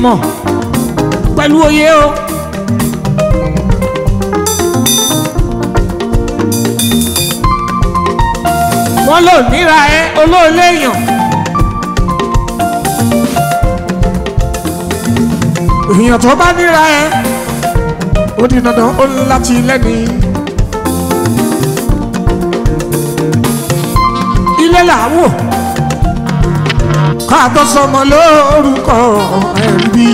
ìmọ̀ pẹ̀lú òye o. wọ́n lò níra ẹ olóòlé èèyàn. èèyàn tó bá níra ẹ ó di dandan ó láti lẹ́ni. ilé làá wò ká tó sọmọ lórúkọ ẹbí.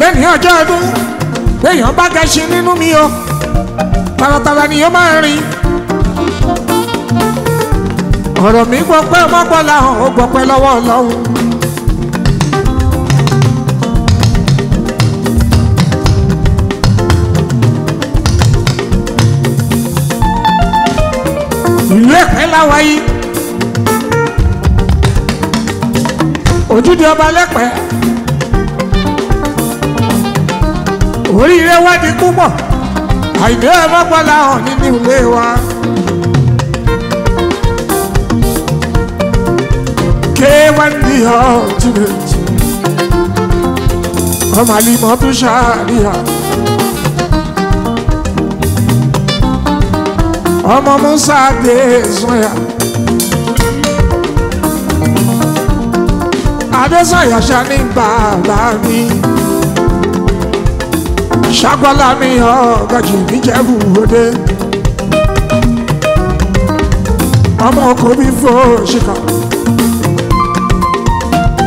lẹ́ni ọjọ́ ẹdún lèèyàn bá gẹṣin nínú mi o taratara ni yóò máa rìn ọ̀rọ̀ mi gbọ́ pé ọmọ gbọ́ làwọn ò gbọ́ pé lọ́wọ́ ọlọ́run. ìlú Ẹ̀pẹ́ la wà yìí ojúde ọba lẹ́pẹ́ oríire wádìí púpọ̀ àìdè ọmọgbọ́lá hàn nínú ilé wa. K1B hàn jìbìjì ọmọ àlìmọ́ tún ṣáà rí hàn. ọmọ musa dé sọyà adésàyà ṣá ní bàbá mi ṣàgbọ́lá ní ọ̀gájì níjẹ̀bú òde ọmọ ọkùnrin fò ṣìkà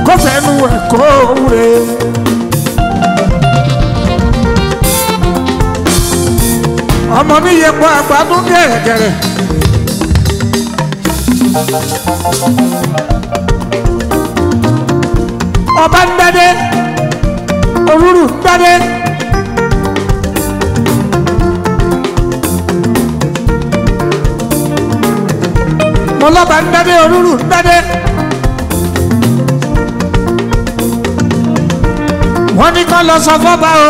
kó ẹ̀ kó wúre. ọmọ mi yẹ pa àgbà tó gẹ̀rẹ́gẹ̀rẹ́. ọba ń dádé òwúrù ń dádé. ọlọ́ba ń dádé òwúrù ń dádé. wọ́n ní kán lọ sọ fọ́ba o.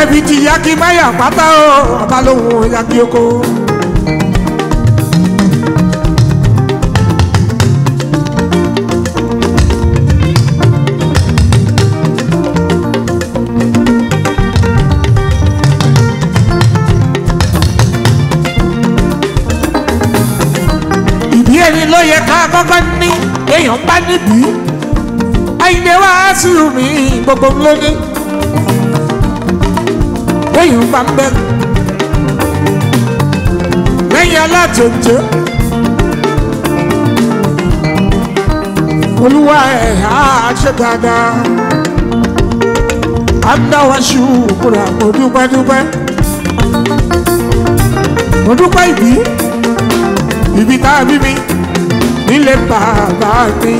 ẹbí ti yá kí máyà pátá o ọba lóhùn yá kí oko. ìdí ẹni ló yẹ ká kọ́kọ́ ní èèyàn bá níbí àyìnbó wàásù mi gbogbo ńlọ́ni bóyá bá pẹ́ lẹ́yìn alátòjò olúwa ẹ̀ á ṣe dáadáa á dáwọ́ ṣùkúrà mo dúpẹ́ dúpẹ́ mo dúpẹ́ ìbí ìbí tá a bí mi nílé bàbá mi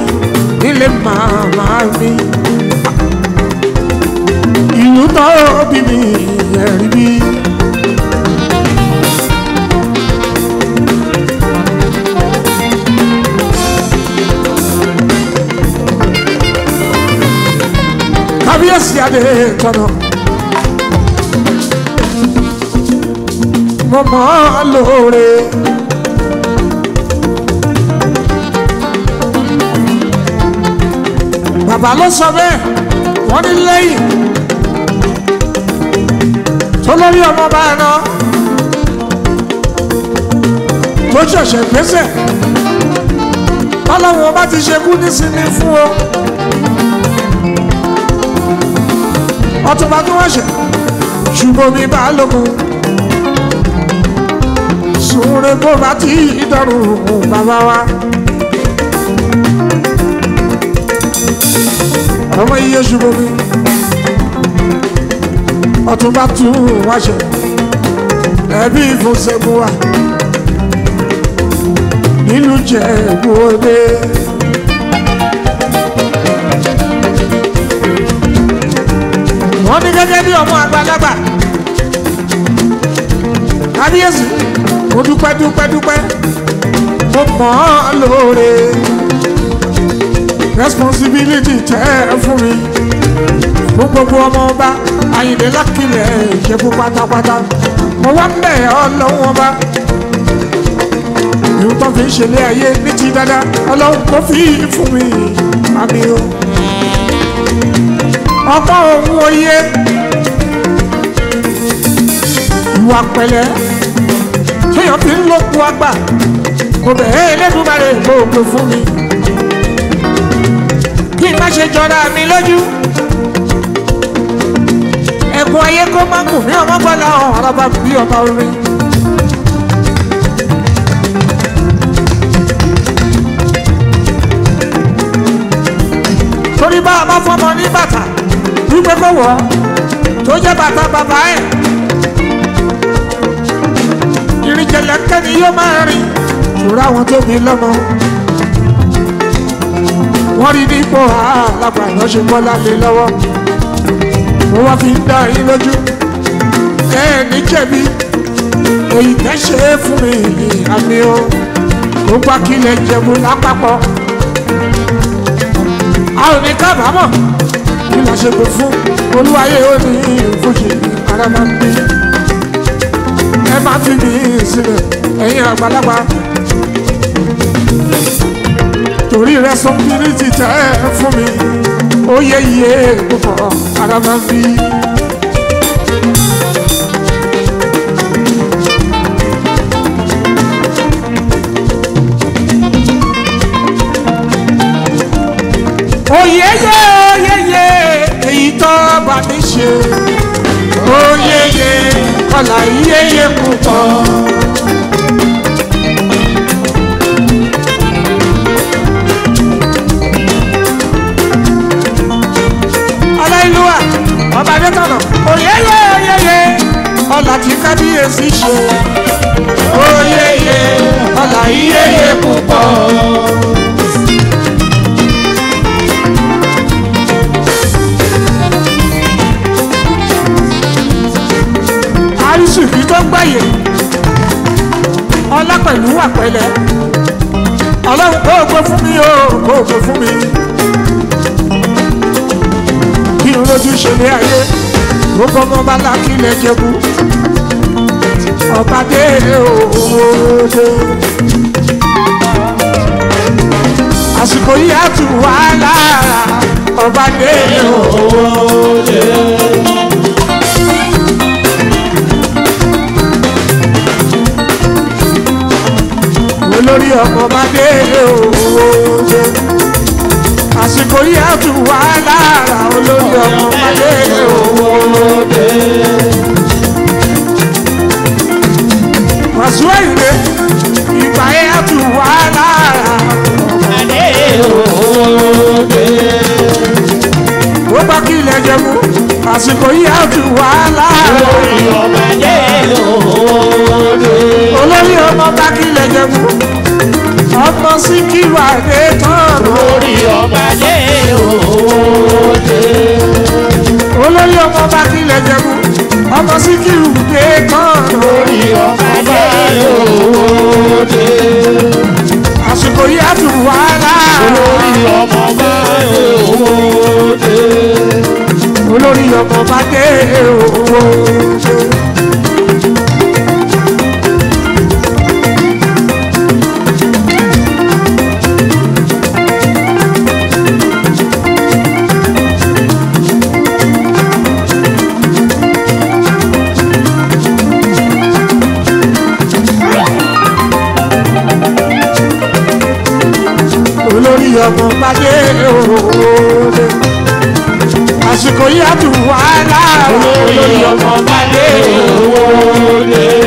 nílé màmá mi ìlú tó bí mi ẹgbẹ́ rí bí. kábíyèsí adé tọ́nà. mo mọ̀ ọ́ lóore. bàbá ló tọ́lọ́rí ọmọ bá rán tó ṣẹ̀ṣẹ̀ gbèsè tọ́lọ́wọ́n bá ti ṣekú nísìnyí fún o ọtúnba tó wọ́n ṣe ṣùgbọ́n mi bá lókun sùnrẹ́ kó bá ti dọ̀rùn bàbá wa. ọmọ iye ṣùgbọ́n mi ọtún bá tún wá ṣe ẹbí ìfúnṣẹ́gun wa nílùú Ìjẹ̀bú Òde. wọ́n ní gẹ́gẹ́ bí ọmọ àgbàlagbà kábíyèsí mo dúpẹ́ dúpẹ́ dúpẹ́ mo mọ̀ ọ́ lóore responsibility tẹ́ ẹ fún mi fún gbogbo ọmọ ọba àyìnlẹ̀ lákìlẹ̀ ìṣẹ́fún pátápátá mo wá ń bẹ̀ ọlọ́run ọba ìlú tó fi ń ṣẹlẹ̀ ayé ní ti dáadáa ọlọ́run kò fi fún mi àmì o ọgbọ́n òun oyé ìwà pẹ̀lẹ́ kéèyàn fi ń lókun àgbà kò bẹ̀ẹ́ ẹlẹ́dùnmáre kò fún mi kí n má ṣe jọra mi lójú ẹ̀kọ́ ayé kó má kù mí ọmọ gbọ́dọ̀ ọ̀hún ọba kù bí ọba orin. torí bá a bá fọmọ ní bàtà wípé kó wọ̀ ọ́ tó jẹ́ bàtà bàbá ẹ̀ ìrìnjẹ̀lẹ̀ kẹ́ni yóò máa rìn ìṣòro àwọn tó bí lọ́mọ wọ́n rí nípò àlàgbà ìránṣẹ́ bọ́lá lé lọ́wọ́ ni wọ́n fi ń dá yín lójú ẹni jẹ̀bi èyí tẹ́ ṣe é fún mi ní àmì o kó bá kílẹ̀ jẹ̀bù lápapọ̀ a ò ní kábàámọ̀ kí la ṣe pé fún olúwayé ó ní ìfúnṣe ara bí ẹ má fi mi sílẹ̀ ẹ̀yin àgbàlagbà torí rẹ sọ́kiri ti tẹ́ fún mi ó yẹ iye púpọ̀ ara máa ń bí. kábíyèsí ṣe. Oyeye ọ̀la iyeye púpọ̀. Àrísìkí tó gbàyè, ọlá pẹ̀lú wà pẹ̀lẹ́. Ọlọ́run kò gbé fún mi o, kò gbé fún mi. Kí n lójú ṣe ní ayé, ó bọ́ bá lákìlẹ̀ jẹ́kù ọba dé òde. àsìkò yìí á tù wá lára ọba dé òde. olórí ọkọ̀ ọba dé òde. àsìkò yìí á tù wá lára olórí ọkọ̀ ọba dé òde. ọ̀ṣun òyìnbó ìgbà yẹn tún wà lára. Adé òde. Ó bá kí ilẹ̀ jẹ mú, àsìkò yìí á tún wà lára. Adé òde. Olórí ọmọ bá kí ilẹ̀ jẹ mú. Ọmọ sí kí wà dé tán. Lórí ọmọdé òde olórí ọmọ ọba tilẹ̀ jẹ̀bú ọmọ síkírù dé kàn. orí ọba báyọ̀ owó dé. àsìkò yìí á tù wàhálà. olórí ọmọ báyọ̀ owó dé. olórí ọmọ bá dé. Gòlíátù wàhálà. Olórí ọmọ Bálé òwò lè.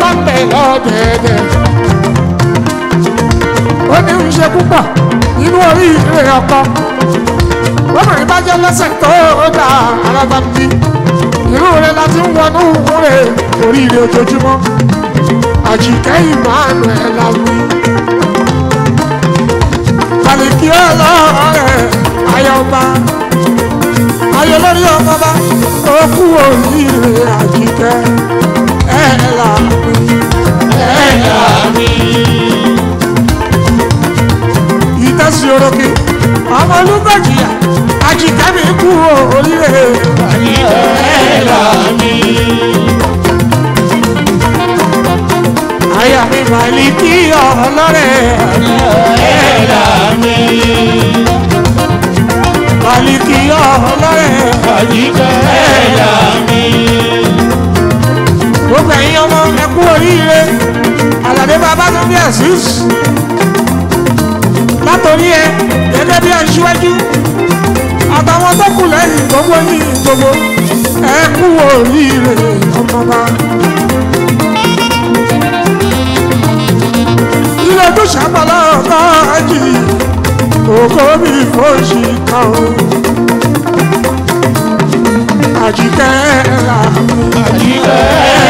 bá tẹ̀ lọ́dẹ̀ẹ̀dẹ̀. ó ní ń ṣe púpọ̀ inú orí ìrè ọkọ. obìnrin bá jẹ́ lẹ́sẹ̀ tó dá alága bí. irú rẹ̀ la ti ń wọnú rẹ̀ oríire ojoojúmọ́. àjìkẹ́ ìmánu ẹ̀ la wí. kàlìkì ọlọ́rẹ̀ ayọ̀ba ayọ̀ lórí ọmọ bá ó kú oríire àjìkẹ́ ẹ̀dá mi. ẹ̀dá mi. ìtẹ̀sí orókè ọmọ olúgbàjìyà àjìkámi kú oríire. mi. àyà mi màlìkí ọlọ́rẹ̀. ẹ̀dá mi. màlìkí ọlọ́rẹ̀. àjìkámi. bá tún fi ẹ̀sìn látòrí ẹ gẹ́gẹ́ bí aṣíwájú àtàwọn tó kù lẹ́yìn gbogbo ní gbogbo ẹ kú oríire ọmọba. ilé tó ṣàpàlà ọ̀tá ẹ̀jì òkò mi fòṣì kan o. àjíkẹ́ ẹ̀là mi. àjíkẹ́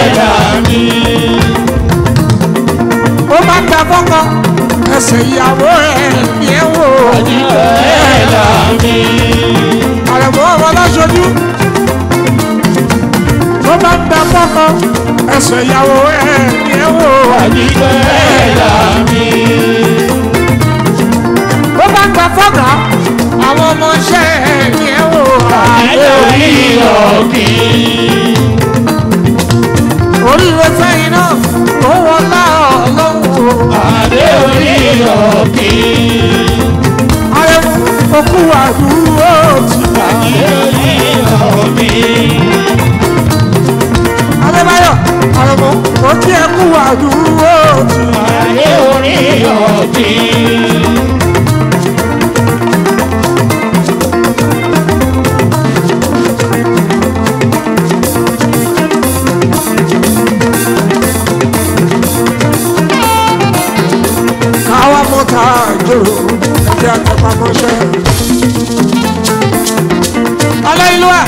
ẹ̀là mi bó bá gba fọ́kọ ẹsẹ̀ ìyàwó ẹ̀ ní ẹ̀ wò. ọ̀dìbẹ́ ẹ̀ là ń mi. àrẹ̀mọ́ ọmọ lọ́sọ̀dún bó bá gba fọ́kọ ẹsẹ̀ ìyàwó ẹ̀ ní ẹ̀ wò. ọ̀dìbẹ́ mi. bó bá gba fọ́kọ àwọn ọmọ iṣẹ́ ẹ̀ ní ẹ̀ wò. àlọ́ ìlọ́kì. oríire fẹ́yìn náà mú ọlá ọlọ́run o. Adé orí òkè. Ayé òkú àdúró tù. Adé orí òkè. Adébáyọ̀ Àrẹ̀mú òkè ẹkú àdúró tù. Adé orí òkè. akọ́ṣẹ́. aláìlúwà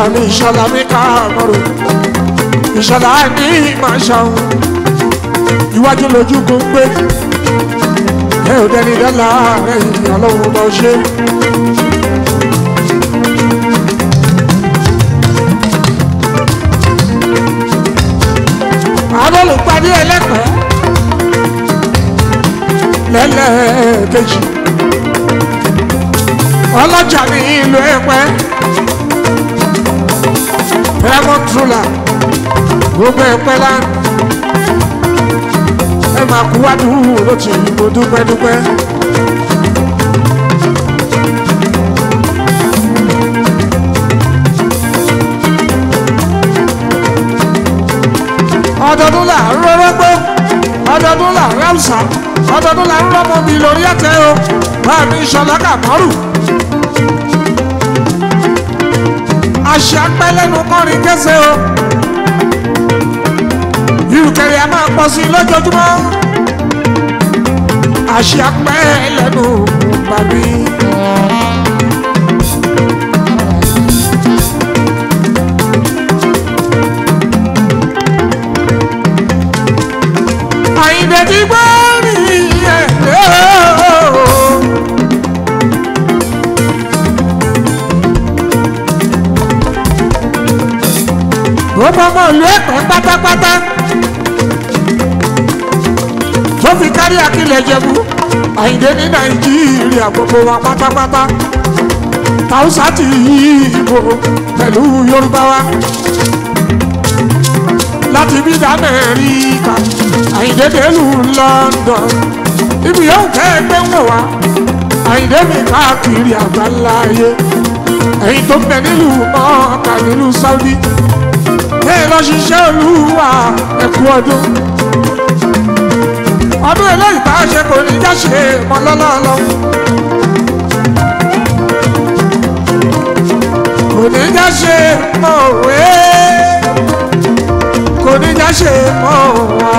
àmì ìṣọ̀lá mi ká àmọ́rò ìṣọ̀lá ní máa ṣàwọn iwájú lójú kò ń gbé ẹ ò dẹni dọ́là rẹ ọlọ́run bá ṣe. àbọ̀lùpàdé lẹ́lẹ́kejì ọlọ́jà ní ìlú ẹ̀pẹ́ diamond ruler gbogbo ẹ̀pẹ́ lá ẹ máa kú wá dùn ló ìbò dúpẹ́ Bọ́lá ń bọ́mọ mi lórí ẹ̀tẹ́ o bá mi ṣọlá kàmọ́rù. àṣẹ apẹ́lẹ́nu kọrin kése o ìrùkẹ̀rẹ̀ a máa pọ̀ sí lójoojúmọ́ àṣẹ apẹ́lẹ́nu bàbí. ọmọ ìlú Èkó pátápátá tó fi kárí akílẹ̀ Ìjẹ̀bú Àyìndé ní Nàìjíríà gbogbo wa pátápátá tàùsà ti Ìgbò pẹ̀lú Yorùbá wa láti bí d'Amẹ́ríkà Àyìndé délù London ibi yóò kẹ́ ẹgbẹ́ ń wọ̀ wá Àyìndé mi káàkiri àgbáńlá ayé ẹ̀yin tó bẹ nílùú mọ́ọ̀ká nílùú Saudi bẹ́ẹ̀ bá ṣiṣẹ́ olúwa ẹ̀kú ọdún. ọdún eléyìí tá a ṣe kò ní já ṣe mọ́ lọ́lọ́lọ́. kò ní já ṣe mọ́ òwe kò ní já ṣe mọ́ òwa.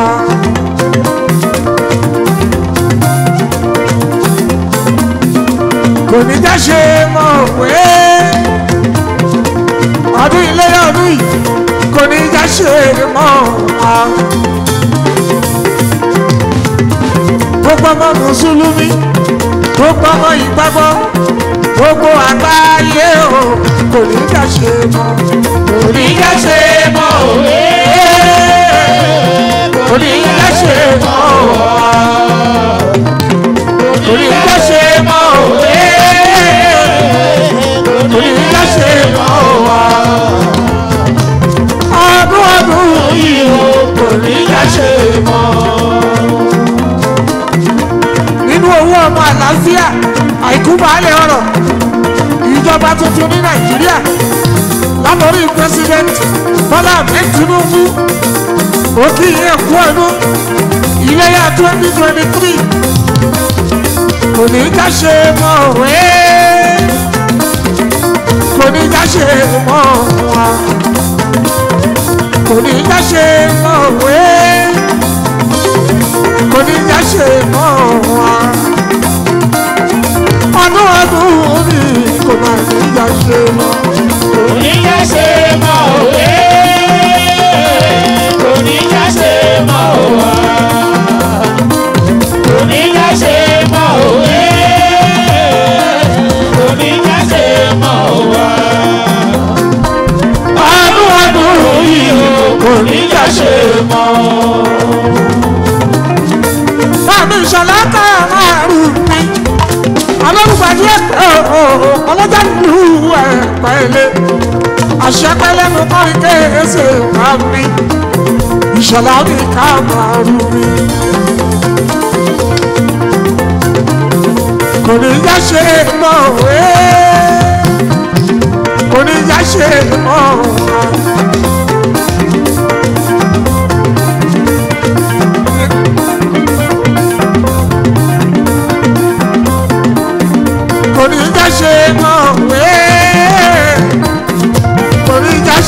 kò ní já ṣe mọ́ òwe ọdún iléyà ọdún yìí ṣe mọ́ wa. gbogbo ọmọ mùsùlùmí gbogbo ọmọ ìgbàgbọ́ gbogbo àgbáyé o kò ní ká ṣe mọ́ kò ní ká ṣe mọ́ òwe kò ní ká ṣe mọ́ wa kò ní ká ṣe mọ́ òwe kò ní ká ṣe mọ́ wa. ní láṣẹ mọ́. nínú owó ọmọ àlàáfíà àìkú baálé ọrọ̀ ìjọba tuntun ní nàìjíríà látọ̀rí president bọ́lá ahmed tinubu ó kí ẹ̀kú ọdún iléyà twenty twenty three kò ní ká ṣe mọ́ òwe kò ní ká ṣe mọ́ wa kò ní já ṣe mọ́ òwe kò ní já ṣe mọ́ òwa ọdún ọdún mi kò má ní já ṣe mọ́ kò ní já ṣe mọ́ òwe. kò ní yà ṣe mọ́. Fáàmì ìṣọ̀lá ká àrùn mi. Alọ́rùbàdì ẹ̀kọ́ ọlọ́jà nínú ẹ̀pẹ́ ilé. Àṣẹ́pẹ́ lẹ́nu kọ́ ike ẹsẹ̀ wá mi. Ìṣọ̀lá mi ká àrùn mi. Kò ní yà ṣe mọ́ òwe. Kò ní yà ṣe mọ́ òwe.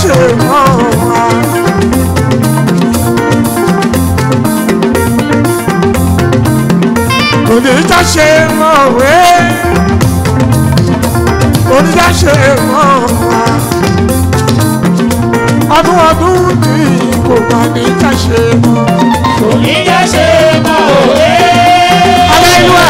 ṣe mọ́ wa. oníjà ṣe mọ̀ wé oníjà ṣe mọ̀ wa. ọdún ọdún ni kò bá níjà ṣe mọ̀. oníjà ṣe mọ̀ wé. ọlọ́yìn wa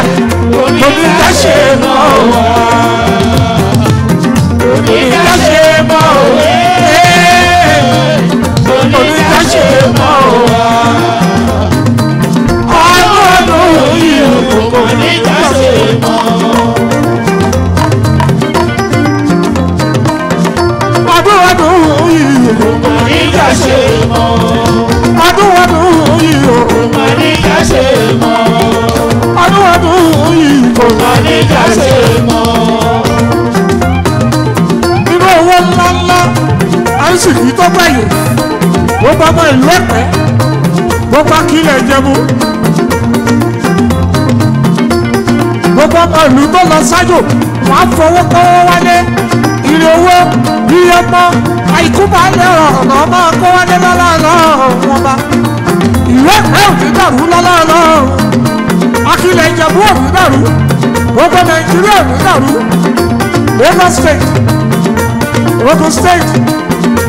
mọ́. ọdún ọdún yìí o. kò mà ní ká ṣe mọ́. ọdún ọdún yìí. kò mà ní ká ṣe mọ́. nínú owó ńláńlá àìsìkì tó gbẹ̀yìn bó bá bá ìlú ẹ̀pẹ́ bó bá kílẹ̀ jẹ́mu. bó bá bá ìlú tó lọ ṣáájú wàá fọwọ́ pọ́wọ́ wálé ire owó ire ọmọ àìkú máa lẹ ọ̀nà máa kó wálé lọ́lọ́ọ̀lọ́ wọn bá ìwé ìpẹ́ òfin dàrú lọ́lọ́ọ̀lọ́ akílẹ̀ ìjẹ̀bú òfin dàrú gbogbo nàìjíríà òfin dàrú Lagos state Ogun state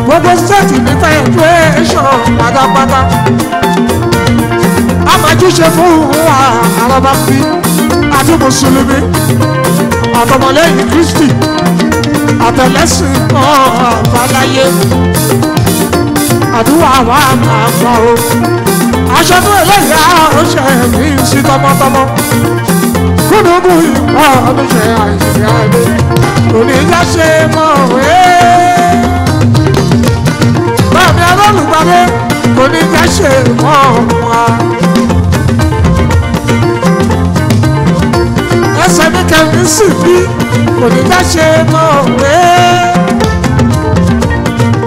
gbogbo state nípa ètò ẹ̀ṣọ́ pátápátá àmàjúṣe fún wa àràbà fi àti mùsùlùmí àtọmọlẹ́yìn Kristi àtẹlẹsìn pọ̀ àbáláyé àdúrà wa máa gbọ́ o aṣọ tó ẹlẹ́yà ọ̀ṣẹ́ mi sí tọmọtọmọ kúndùnkù ìwọ ọdúnṣe àìsí àdé oníyàṣe mọ̀ wé. bàbá arólùgbàgbé oníyàṣe mọ̀ wá. ọ̀sẹ̀ mi kẹ́yìn sì bí kò ní já ṣe mọ́ òwe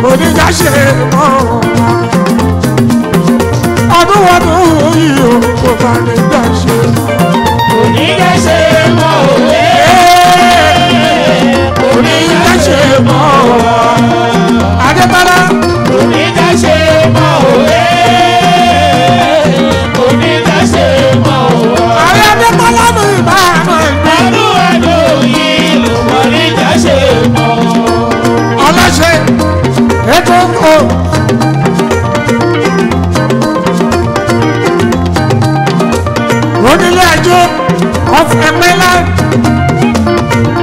kò ní já ṣe mọ́ ọdún wọdún yìí o kò bá lè já ṣe kò ní ṣe mọ́ òwe kò ṣe mọ́ òwe. of Emela,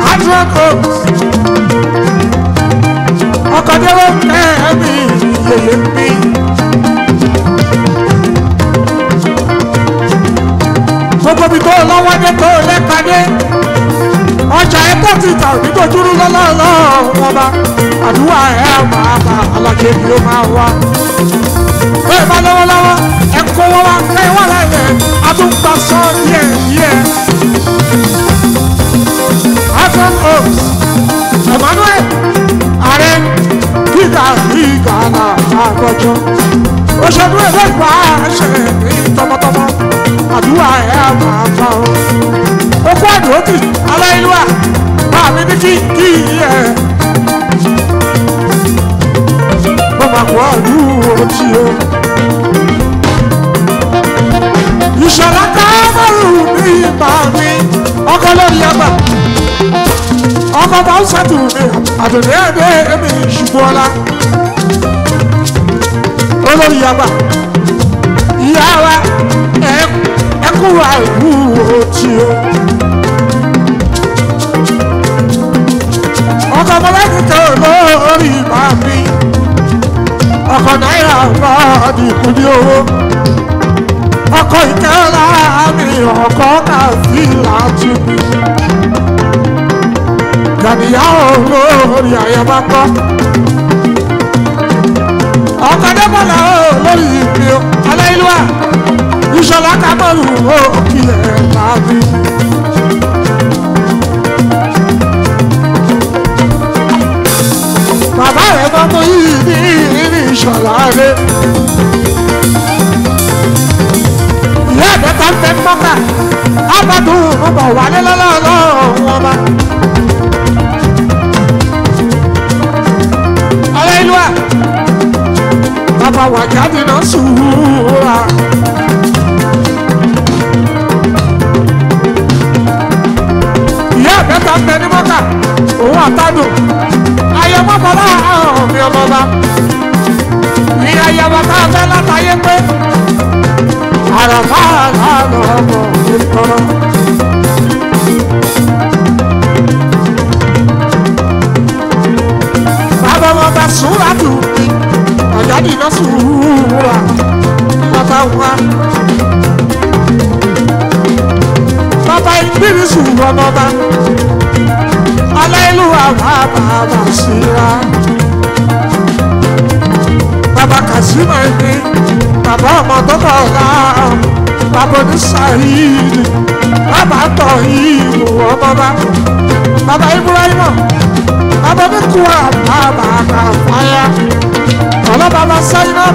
Adrocos, Okadewo Kẹ́hẹ́mí yèyé bí. Gbogbo ibi tó lọ́wọ́ dé tó lẹ́ka dé, ọjà ẹ̀kọ́ ti tà òbí tó dúró lọ́lọ́lọ́ ọba, àdúrà ẹ̀ máa bá alájẹ́ bí ó máa wá. Bẹ́ẹ̀ bá lọ́wọ́lọ́wọ́ kó wọ́n wá ẹ̀yìn wà lẹ́yìn àtúntà sọ́ọ́rì yẹ̀ yẹ̀. Adam Oaks, Emmanuel, Ààrẹ, Peter Igana Agbọ́jọ́. Òṣèlú ẹgbẹ́ ìgbà ṣe ní tọmọtọmọ, àdúrà ẹ̀ máa fa o. Okú àdúró ti alẹ́ ìlú à, máa mi ní kí kí ẹ̀. Bọ́mà kò ọ̀dùn òtí o ìṣọ̀lá káfọ́rù mi bá mi ọkọ lórí ẹgbà ọkọ bá ń ṣètò mi àdùnní ẹgbẹ́ èmi ìṣubúọlá olórí ẹgbà ìyá wa ẹkú àìkú òtí o. ọkọ mọlẹ́kì tó lórí bá mi ọkọ náírà bá a dìkú ní owó ọkọ ìkẹlá mi ọkọ kàsí láti mi. Gàdíyà olórí àyàbá kọ́. Ọkọ Adébọ̀lá olórí ìpè alẹ́ ìlú wa. Ìṣọ̀lá Kábọ̀lù òkìlẹ̀ láti mi. Bàbá rẹ̀ gbọ́dọ̀ yìí ní ìrìn ìṣọ̀lá rẹ̀ ìyá àdọ́ta ń fẹ́ mọ́kà ábàdùn mo bọ̀ wálé lọ́lọ́ọ̀lọ́ òun ọba. ọ̀rẹ́ ìlú à bàbá wà jáde náà sùúrà. ìyá àdọ́ta ń fẹ́ ní mọ́kà òun àtàdùn ayọ̀mọ́fọlá ọ̀hún ọmọ ọba. ìyá ìyàwó tá a fẹ́ látàyé pé. عرفان هذا في الطرق bàbá wọn bá sùúrà dùnkì ọ̀dọ́ nínú sùúrà bàbá wa bàbá kazima ni bàbá ọmọ tọ́tọ̀ ọ̀la bàbá onísàárì ni bàbá tọ̀ yìí wò ọmọ bá bàbá ibrahim bàbá mi kú wa bàbá kà fáyà ọlọ́ bàbá sáyìn náà.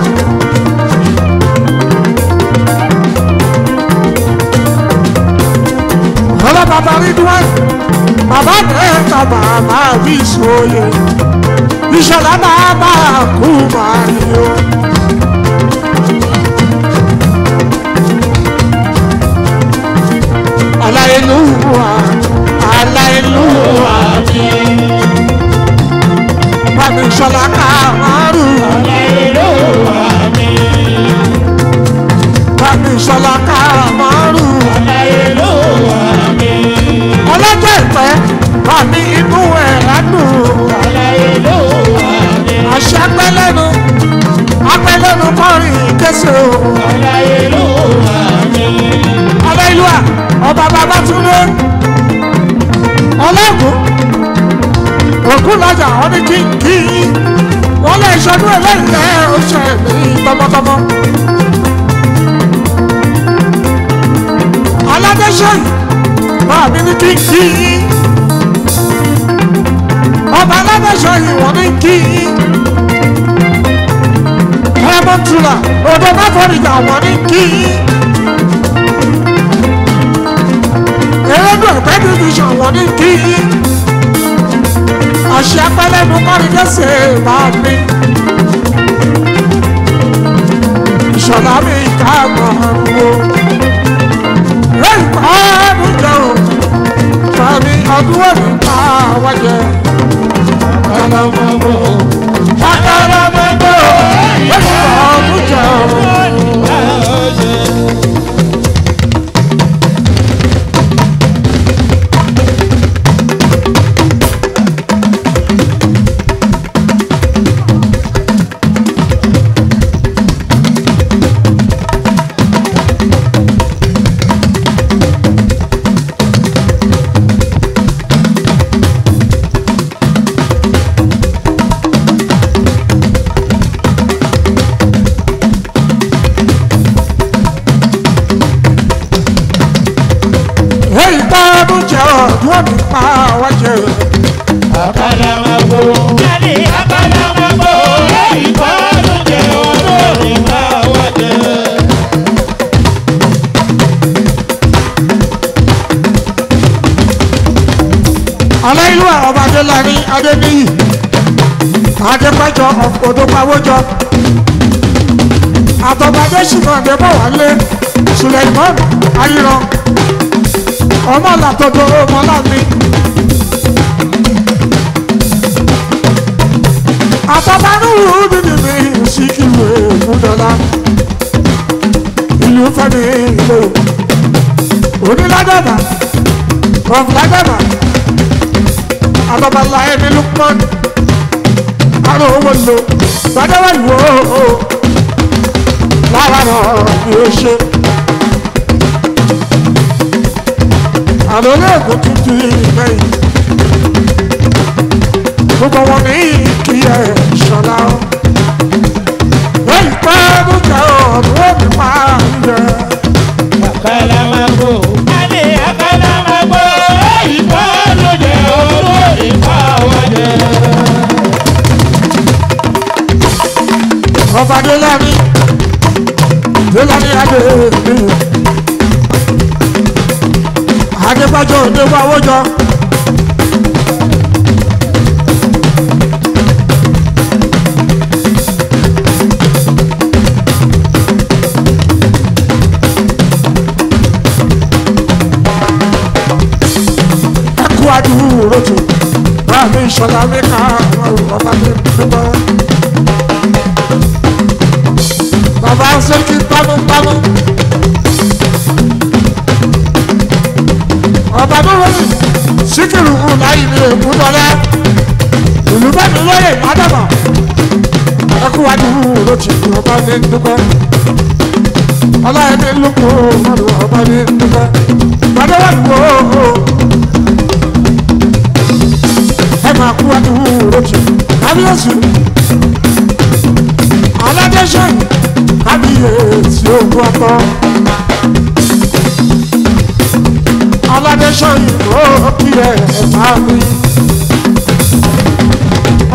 ọlọ́ ridwan bàbá dẹ́ta bàbá mi ìṣọ̀lá bàbá kú máa ní o. aláìlúwa aláìlúwa mi. bàbá ìṣọ̀lá kàmárù. aláìlúwa mi. bàbá ìṣọ̀lá kàmárù. aláìlúwa mi. jésù. ọba ìlú wa ọba ìlú wa ọba bàbá òkú lọ́jà ọ́nì kíkì wọ́n lè ṣọdún ẹlẹ́yìn oṣù ẹ̀mí tọmọtọmọ. aládéṣe máa mi ní kíkì ọba aládéṣe ìwọ́n ní kíkì. Montula, ọ̀dọ̀ náà fọ́ọ̀rì jà wọ́n ní kí. Ẹlẹ́dùn àtẹ́jú ti ṣàn wọ́n ní kí. Àṣẹ apẹ́lẹ́nu kọ́ni dẹ́sẹ̀ máa mi. Ìṣọ̀lá mi ká mọ̀ ọ́ lẹ́yìn pàánù jẹ́ o. Fàmí ọdún wọ̀nyí ká wájẹ. Alamabo. Alamabo. down àkàlà máa bò. jáde àkàlà máa bò. ìbálòjẹ olórí máa wájẹ. aláìlúwà ọba adélarí adébíyì adépẹjọ odòpawójọ àtọ̀gbàdé ṣùgbọ́n àgbẹ̀bọ̀ wà lé sùlẹ̀ ìmọ̀ ayíran ọmọ làtọ̀dọ̀ ọmọ láàmì. àtàbánú bíbí mi sí kìlú èkúdọ́lá ìlú fẹ́mi ìlú onílàdàbà ọ̀fúnlàdàbà àbàbàlà ẹni lukman àrò owó lo gbadẹ́wà ìwò lára rọ̀ ni ó ṣe. àlọ́ ilé ẹ̀kọ́ tuntun gbogbo wọn ní ìlú jẹ ìṣọ̀lá o. èyí tó ń jẹ òòrùn ó fi máa ń jẹ. àkàlà máa bò. alẹ́ àkàlà máa bò. èyí tó ń jẹ òòrùn ó fi máa adébájọ́ òde wá wọ́jọ́. Ọlámíkà àwọn olùkọ́ta tó dúpọ́. Bàbá Sókí pámúpámú. Ọba Mọ́wọ́lì Síkìrì Ulayi ni Ègúndọ́lá. Ìlú bẹ́ẹ̀ lóye Adama. Ẹkúwájú ló ti fi ọba ní dúpọ́. Ọláyẹ̀dẹ̀ lóko ọmọdé ọba ní jésù aládé ṣẹ́yìn kábíyèsí ogun ọkọ aládé ṣẹ́yìn ó kí ẹ máa rí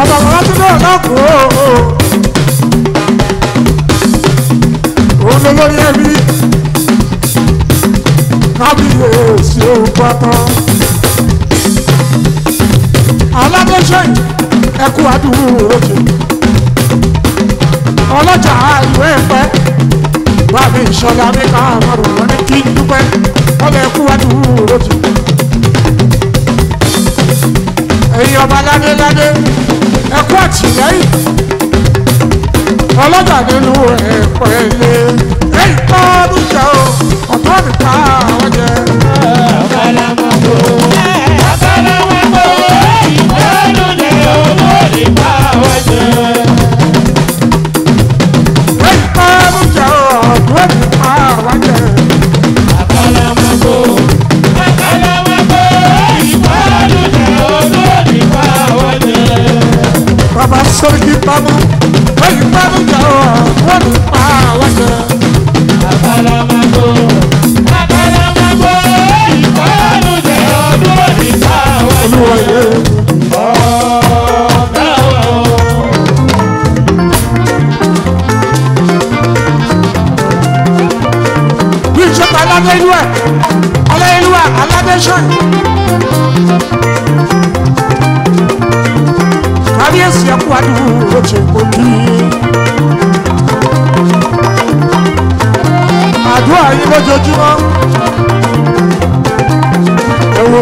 ọmọ bàbá tó dé ọ̀nà kù sọ̀rọ̀ amẹ́ka àmọ́rò wọn ní kí n dúpẹ́ ọbẹ̀ kú wá dúró lójú. ẹ̀yin ọba ládé ládé ẹ̀kú àtìlẹ́yìn ọlọ́jà nínú ẹ̀kọ́ ẹ̀lẹ́ ẹ̀yìn kọ́ ọdún jẹ́ ọ̀tọ́ nìkan.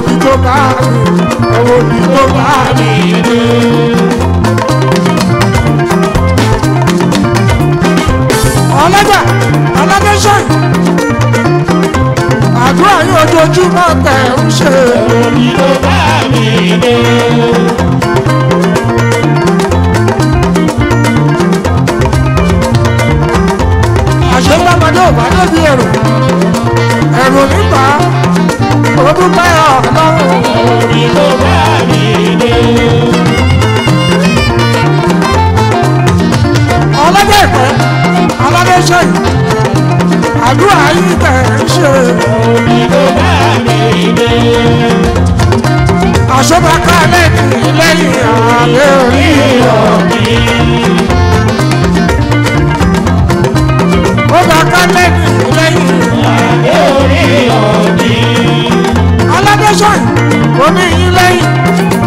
òbí tó bá mi ẹ̀wọ̀n òbí tó bá mi dé. ọlọ́jà alágẹ́sẹ̀ àdúrà yóò ojoojúmọ́ tẹ̀ ń ṣe. ẹ̀wọ̀n òbí tó bá mi dé. àṣẹ bá bàdé òbá débi ẹ̀rù ẹ̀rù nípa mo dúpẹ́ ọlọ́run. orí ló bá mi dé. ọlọ́jọ́ ìpẹ́ aládé ṣe àdúrà yìí tẹ̀ ń ṣe. orí mi dé. àṣọba ká lẹ́yìn lẹ́yìn àlẹ́ orí. ó ní yín lẹ́yìn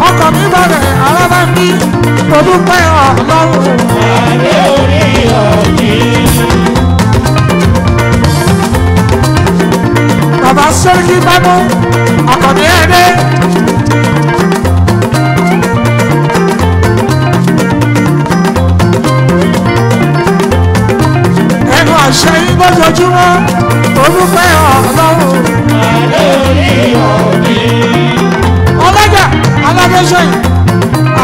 ọkàn mi balẹ̀ alábá ń bí olùpẹ̀ ọlọ́run. ààrẹ orí ọ̀gbìn. bàbá sẹ́ríkì bámú ọkàn mi ẹ̀ dé. ẹnu àṣẹ yín lójoojúmọ́ olùpẹ̀ ọlọ́run. ààrẹ orí ọ̀gbìn alágẹ́sẹ̀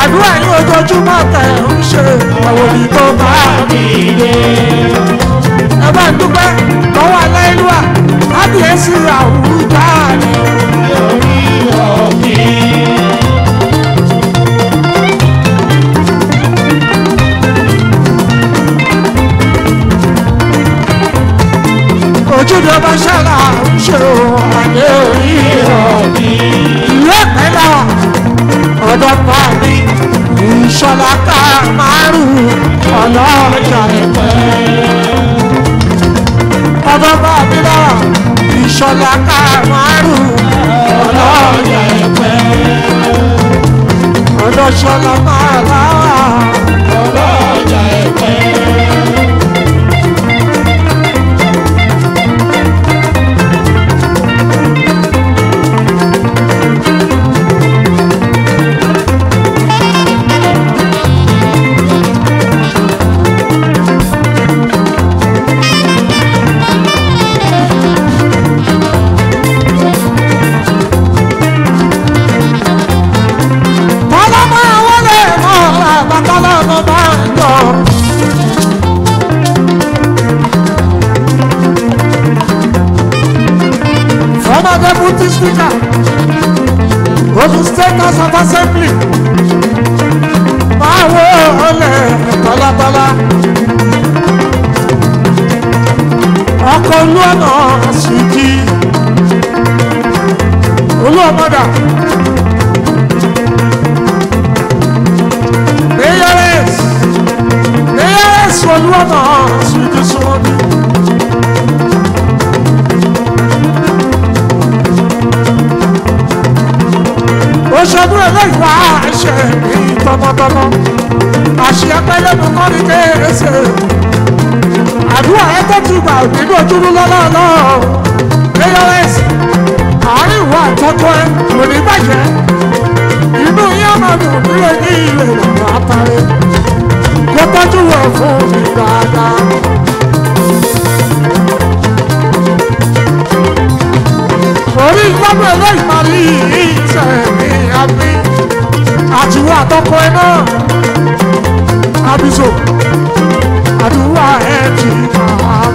àdúrà ní ojoojúmọ́ tẹ̀ ń ṣe àwọn òbí tó bá mi lé. ẹ bá ń dúpẹ́ lọ́wọ́ aláìlúwà ábíyèsí àwùjá ni. lórí ọ̀gbìn. ojúde bá ṣára ń ṣe òun àlẹ́ orí ọ̀gbìn. ìlú ẹ̀pẹ́ náà ọjọ́ kan rí ìṣọlá ká márùn-ún ọlọ́ọ̀jà ẹ̀pẹ́. ọjọ́ bá mi lọ ìṣọlá ká márùn-ún ọlọ́ọ̀jà ẹ̀pẹ́. ọjọ́ ṣọlá máa láwà ọlọ́ọ̀jà ẹ̀pẹ́. Deputy Speaker, Osun State House of Assembly, Báwo ọlẹ̀ tọ́látọ́lá, ọkọ̀ olú ọ̀nà sì jí, olú ọmọdà. ṣe àdúrà ẹ tó tún gbà nínú ojúmú lọ́lọ́ọ̀lọ́ ALS àárín ìwà àtọ́kọ ẹ kò ní bàjẹ́ inú yá máa dùn nílé ní ilé ìlànà àtàrẹ kó tọ́jú wọ̀ fún mi dáadáa. orí ìgbàgbọ́ ẹ̀rọ ìparí ìṣẹ̀mí àbí àtiwọ́ àtọ́kọ ẹ náà àbíso àdúrà ẹ ti máa.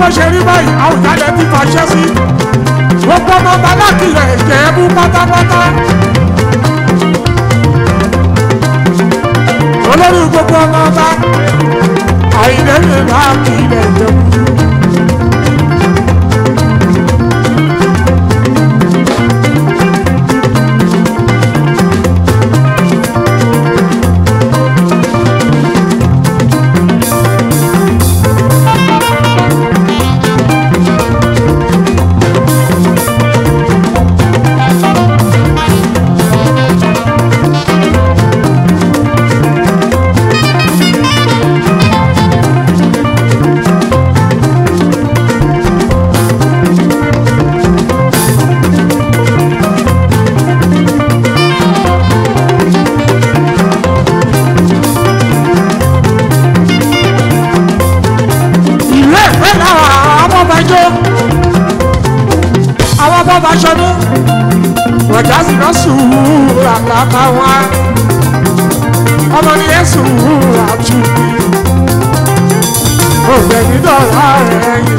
bó ṣe rí báyìí Àwùjalẹ̀ ti fàṣẹ sí gbogbo ọmọ Bàlákìlẹ̀ Ìjẹ̀bú pátápátá. olórí gbogbo ọmọ ọba Àyìndé lè bá kí ilẹ̀ Ìjẹ̀bú. ọ̀já sì lọ sùúrù àlàkà wá ọmọ ní yẹ́sù àjù òbẹ̀ nídọ̀lá rẹ̀ yìí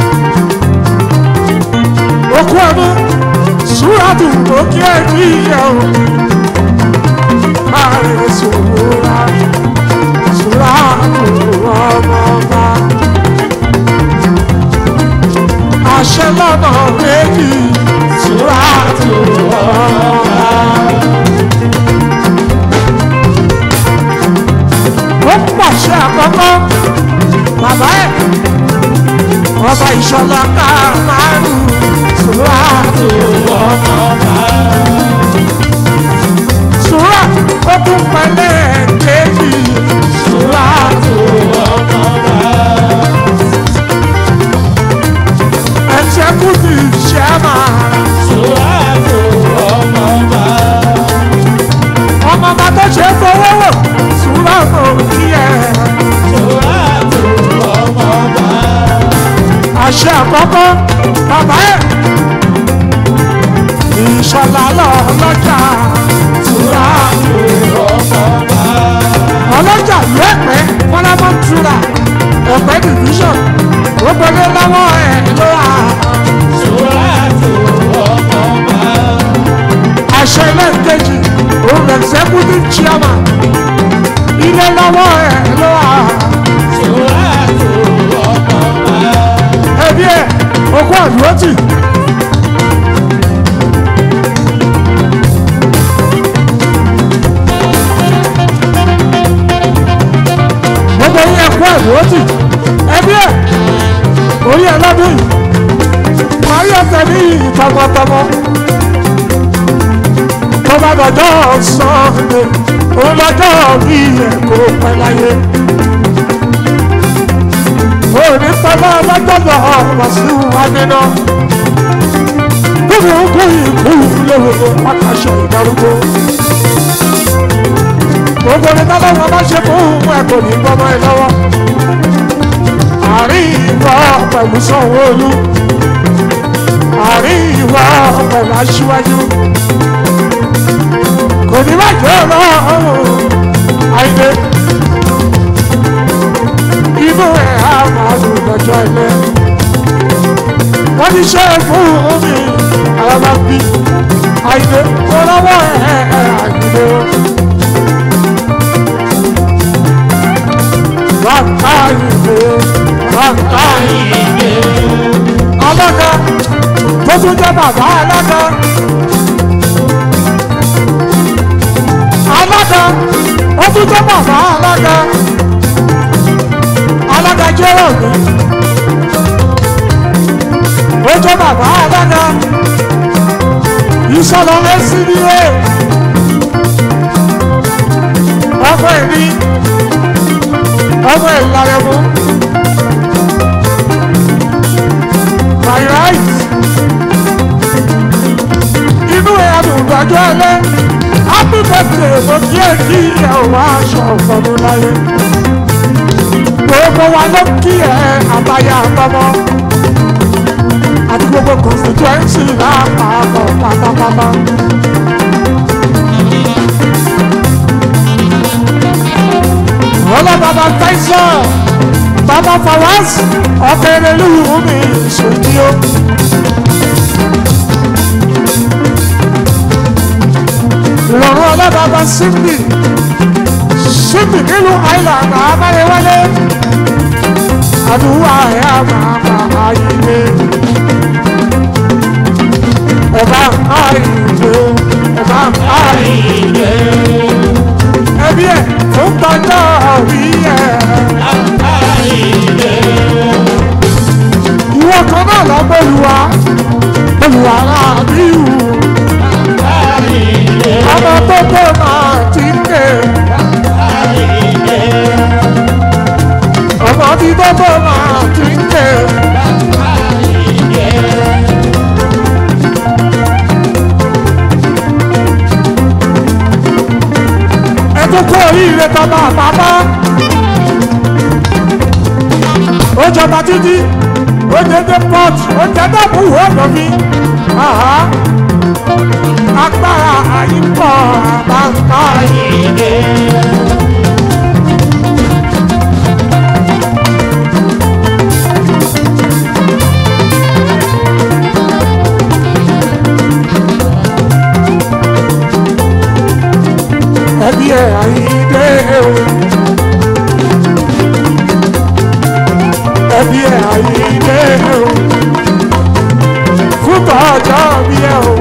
òkú ọdún súrádùn òkè ẹ̀rí ìyẹ̀wò máa rẹ̀ sùúrà súrádùn ọmọ ọba àṣẹ lọ́nà méjì ọba ìṣọlá ká márùn sùúrà tó ọmọ ọba. sùúrà ó tún pẹ̀lẹ́ kejì sùúrà tó ọmọ ọba. ẹ̀jẹ̀ kùtì ṣẹ́ máa. ṣe fowó wò ṣùgbọ́n kò sí ẹ̀. ṣùgbọ́n àtúntò ọmọ ọba. àṣẹ àkọ́kọ́ bàbá ẹ̀ ìṣọ̀lá lọ́jà. ṣùgbọ́n àtúntò ọmọ ọba. ọlọ́jà ìlú ẹ̀pẹ́ fọlábọ́n tura ẹ̀pẹ́ division ó gbọdọ̀ lọ́wọ́ ẹ̀ lọ́wọ́. ṣùgbọ́n àtúntò ọmọ ọba. àṣẹ ilé ìkejì òun executive chairman ilé lọ́wọ́ ẹ̀ ló wà. ẹbí ẹ okó àdúrótì. gbogbo yín ẹkọ àdúrótì ẹbí ẹ orí ẹ lọ́dún yìí màá yọ tẹ̀lé yìí tọmọtọmọ ọmọdọ̀dọ̀ sọ̀rọ̀ ọmọdọ̀ rí ẹ̀kọ́ pẹ́ láyé. òní sábà lọ́dọ̀dọ̀ wàṣíù adéná gbogbo kó ìkú lóhùn pàkàṣọ ìdárúgbó. gbogbo ní tábàwọn bá ṣe fún òun ẹ̀kọ́ ní gbọ́mọ ẹ lọ́wọ́. àárín ìwọ pẹ̀lú sanwó-olú àárín ìwọ pẹ̀lú aṣíwájú èmi má jẹ́ ọ̀rọ̀ e àìlè. inú ẹ̀ á máa dùn lọ́jọ́ ilé. wọ́n ti ṣe é fún omi àyàbá bí àìlè e lọ́wọ́ ẹ̀ àgbègbè. bàtà ìgbè bàtà ìgbè. alága tó tún jẹ́ bàbá alága. alága ó tún jẹ́ bàbá alága alága Gerald ó jẹ́ bàbá alága ìṣọ̀lọ́ SCDA ọkọ̀ èmi ọkọ̀ èmi lára mú my right inú ẹ̀ adùn ìgbàjọ́ ẹlẹ́rìí happy birthday kò tí ẹ kí ẹ ò wá aṣọ ọ̀sọ̀rọ̀ láyé. gbogbo wa ló kí ẹ àbáyá àbámọ́ àti gbogbo constituency lápapọ̀ pátápátá. ọlọ́bàbà tẹ́sán bàbá fọwọ́sì ọ̀pẹ̀rẹ̀ lùwù mi ṣèjì ó. lọ́rọ̀ ọlọ́bàbà síbì síbì nílùú island abáyéwálé àdúrà ẹ̀ àmàmà ayílé ọba àyílé ọba àyílé ẹbí ẹ̀ fún gbọ́dọ̀ rí ẹ̀ àyílé ìwọ kan náà lọ bẹ́ẹ̀ lu wa bẹ́ẹ̀ lu àbí bọ́bọ́ máa kí n lè. ẹ tún kú oríire tọmọ àpapọ̀ ó jọba títí ó dédé port ó dédé búwọ́ ọ̀dọ̀ mi agbára àyíkọ́ àbáńkọ́ yìí. ayé àyíndé o. ẹbí ẹ àyíndé o. fún bàjá mi ẹ o.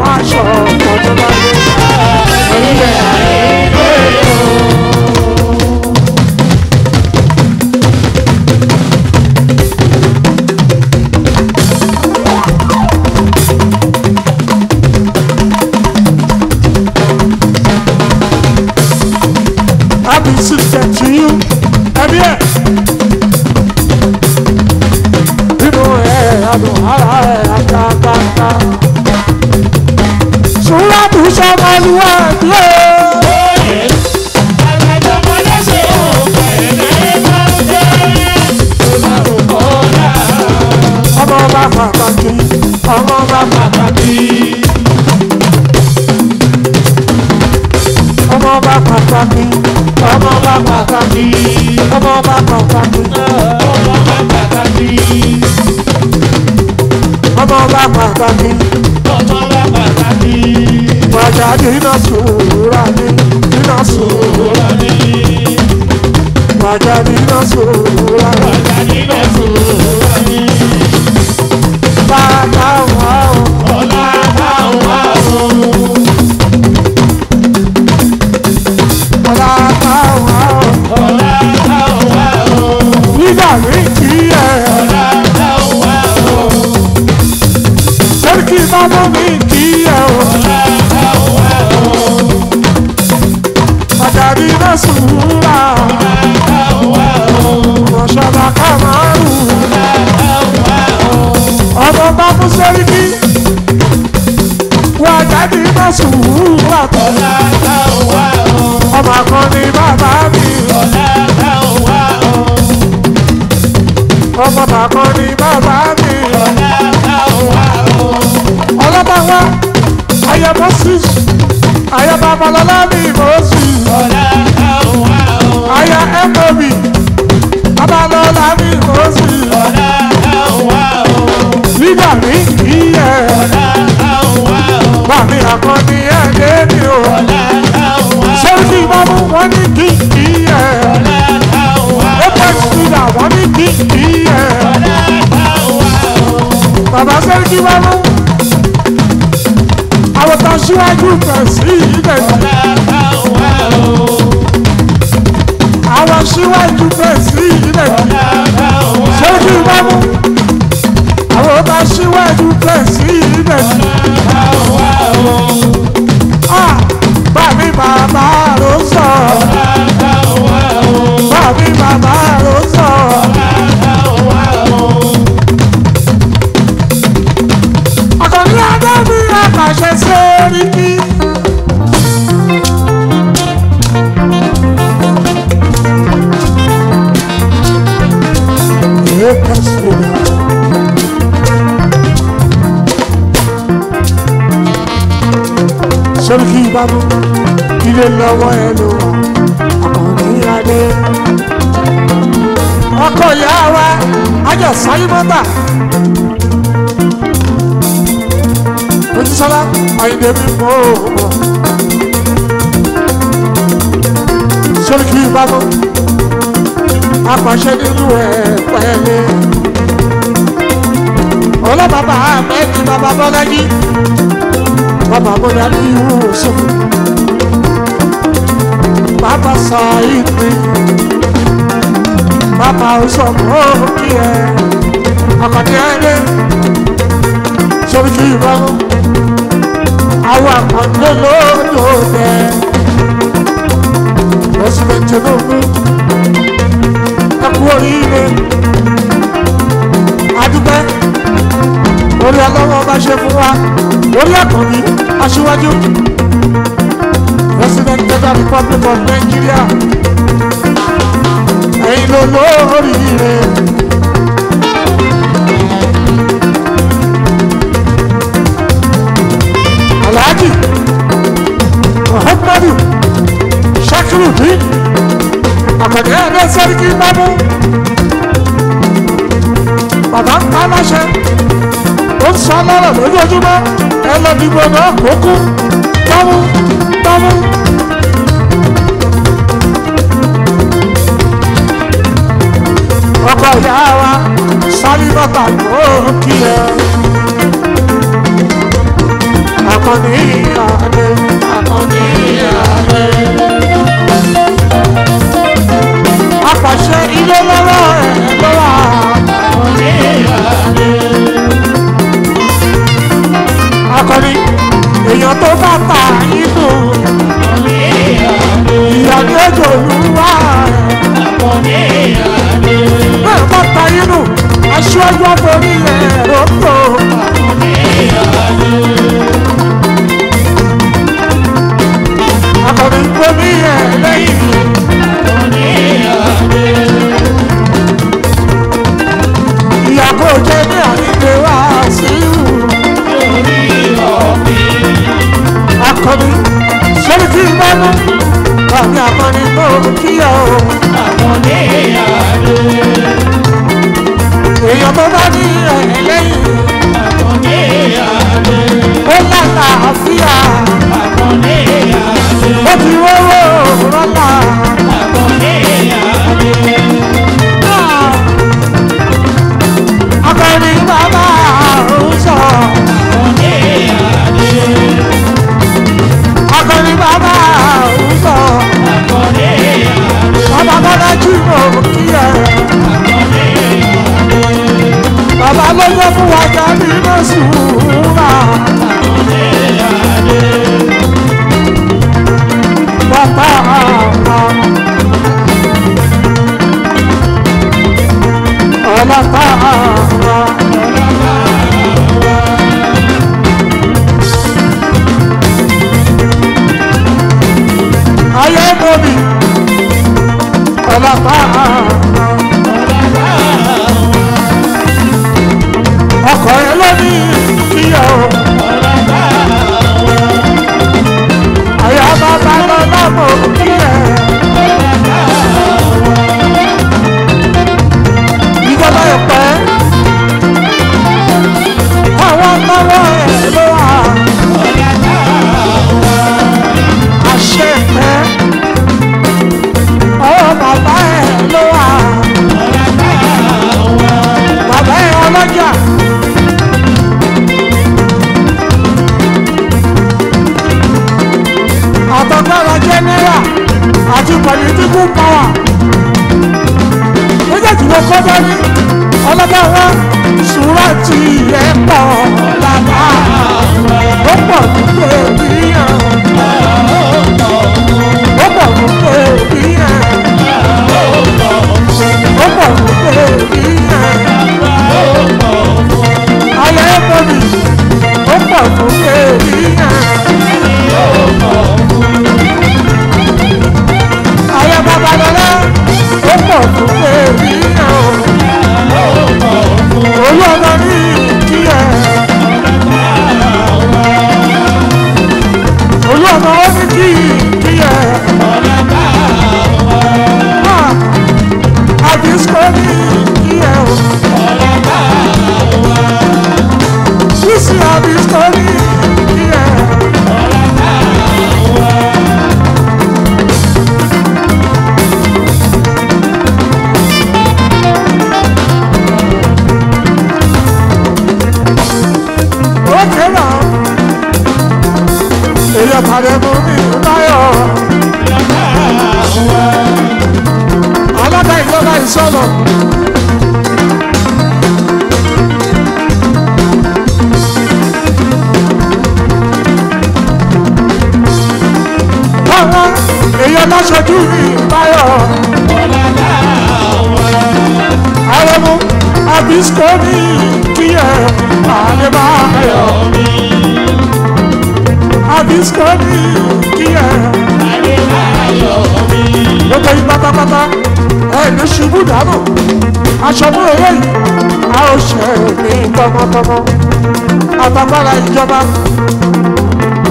aya Moses aya babalọlá ní ìmọ̀ọ́sì aya mob babalọlá ní ìmọ̀ọ́sì nígbà mí ìyẹ bá mi àkọ́ni ẹ̀ débi o ṣé o ti bá mú wọn ní kí ìyẹ apex leader wọn ní kí ìyẹ bàbá sẹ́ríkì bá mú ta síwájú tẹ̀ sí ibẹ̀ sí. àwọn síwájú tẹ̀ sí ibẹ̀ sí. ṣé kí n bá mú? àwọn ta síwájú tẹ̀ sí ibẹ̀ sí. bàbí bàbá ló sọ. bàbí bàbá ló sọ. bámú ilé lọ́wọ́ ẹ lò àkànní adé. ọkọ ìyá wa ajọ sáyémọ́tà ojúsọlá àyìndé mi mọ́ òògùn. sọ́lùkì bámú apàṣẹ nínú ẹ̀ pẹ́ẹ́lẹ́ ọlọ́bàbà àmẹ́ni bàbá bọ́lájí. Papa bóyá ní ìwòsàn bàbá sọ ìpín bàbá ọsàn ó kí ẹ àkàndé ẹdẹ sórí ju ìbọn àwọn àkàndé lóòdò bẹ oṣù méje lógún orí ọlọ́wọ́ bá ṣe fún wa orí àkànbí aṣíwájú president federal republic of nigeria ẹ̀yin ló lórí rẹ̀. alhaji muhammadu shakirudin àkàndé ẹ̀rẹ́ sẹ́ríkì bámú bàbá ń pa láṣẹ tó ń sọ lọ́rọ̀ lójoojúmọ́ ẹ lọ ní àkókò tọ́mú tọ́mú. ọkọ ìyá wa sáré bàtà ló kí ẹ. akọni ìyá rẹ akọni ìyá rẹ. lọ́jọ́ torí rẹ̀ rògbò. Akọ̀bí ń bomi ẹ̀ lẹ́yìn mi. Ìyàgò jẹ́ ní àdìgbé wá sí ìhù. Akọ̀bí ṣẹ́ni tí ń bá mú. Bàbá àkànni tó kí ọ. Àkànni. ó ti rówó rọ́lá. akọni bàbá ń sọ. akọni bàbá ń sọ. bàbá bọ́lá jù mọ́ kí ẹ. bàbá ló yẹ fún wa jáde lọ́sùn. ọlọ́pàá ayé mọ́bì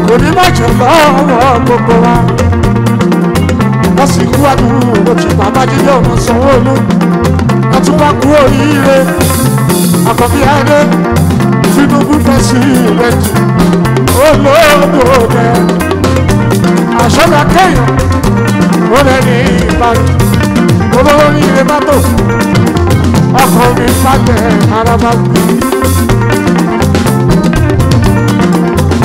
kò ní má jẹ́ fọwọ́ gbogbo wa wọ́n sì kú àdúrú olójú bàbá jíjẹ́ ọmọ sanwó-olú wọ́n tún bá kú oríire àkọ́bí adé tinubu fẹsí rẹ jù olóògbò rẹ àṣọlá kẹyàn ó rẹ ní ìbàdàn olówó ní ilé bá tó ọkọ̀ mi pàtẹ ara bá gbé.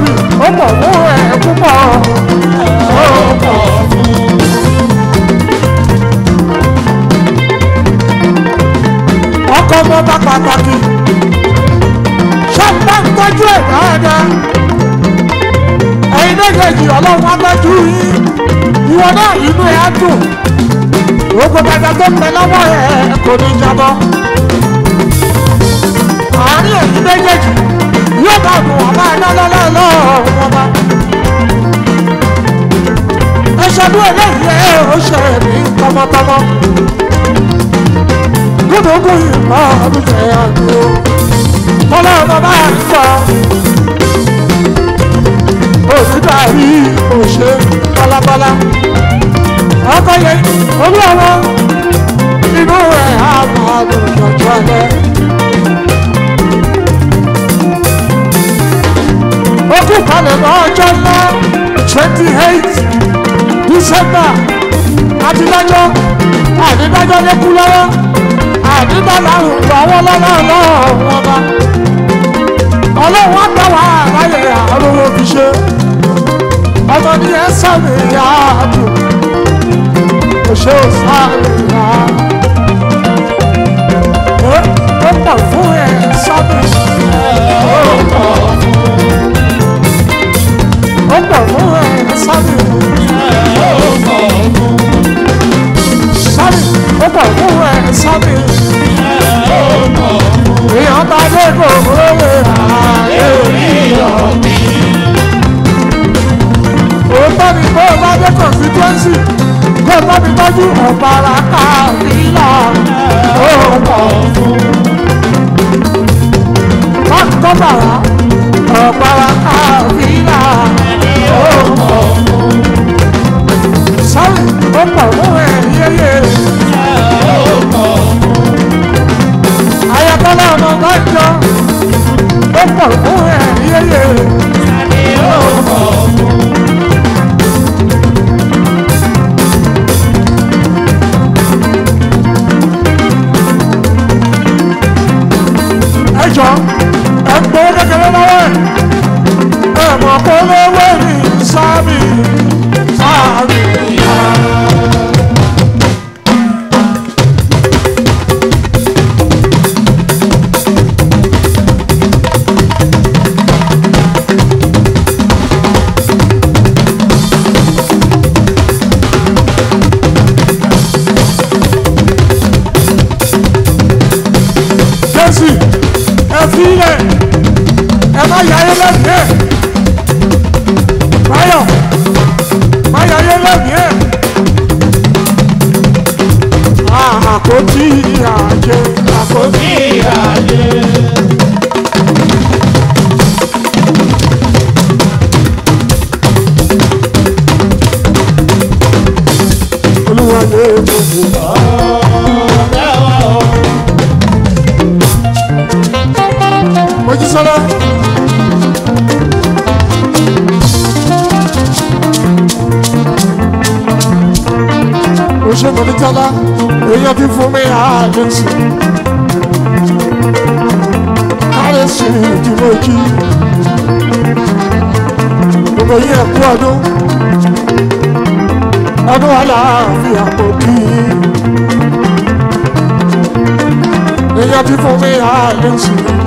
mi ó mọ̀ fún ẹ̀ púpọ̀ ó mọ̀ bá pàtàkì ṣé ń tọ́jú ẹ̀ dáadáa ẹ̀yin méjèèjì ọlọ́run á yín ìwọ náà inú ẹ̀ á dùn ògo dada tó pẹ́ lọ́wọ́ ẹ̀ kò ní jábọ́ àárín ẹ̀yin méjèèjì yóò bá ògùn ọba iná lọ́lọ́lọ́ ọ̀hún ọba. ẹṣẹ́dú eléyìí ẹ̀ ó ṣe mí tọmọtọmọ. gúdúgú ìmọ̀ ọdún jẹ́ àdúró. mọ́lá bàbá àdúgbò òsídàárí òṣè pálápálá. ọkọ yẹn olú ọ̀rọ̀ inú ẹ̀ á máa lò lọ́jọ́ alẹ́. òkú palẹ̀mọ́ ọjọ́ náà twenty eight december àdídájọ́ àdídájọ́ lẹ́kú lọ́wọ́ àdídájọ́ àrùn lọ́wọ́ lọ́wọ́ ọlọ́run ọba ọlọ́run àgbà wà láyé àrùn òfiṣe ọmọ ní ẹ sọ̀rọ̀ ìyá àdùn kò ṣe ò sáré rà ó pọ̀ fún ẹ sọ́dọ̀.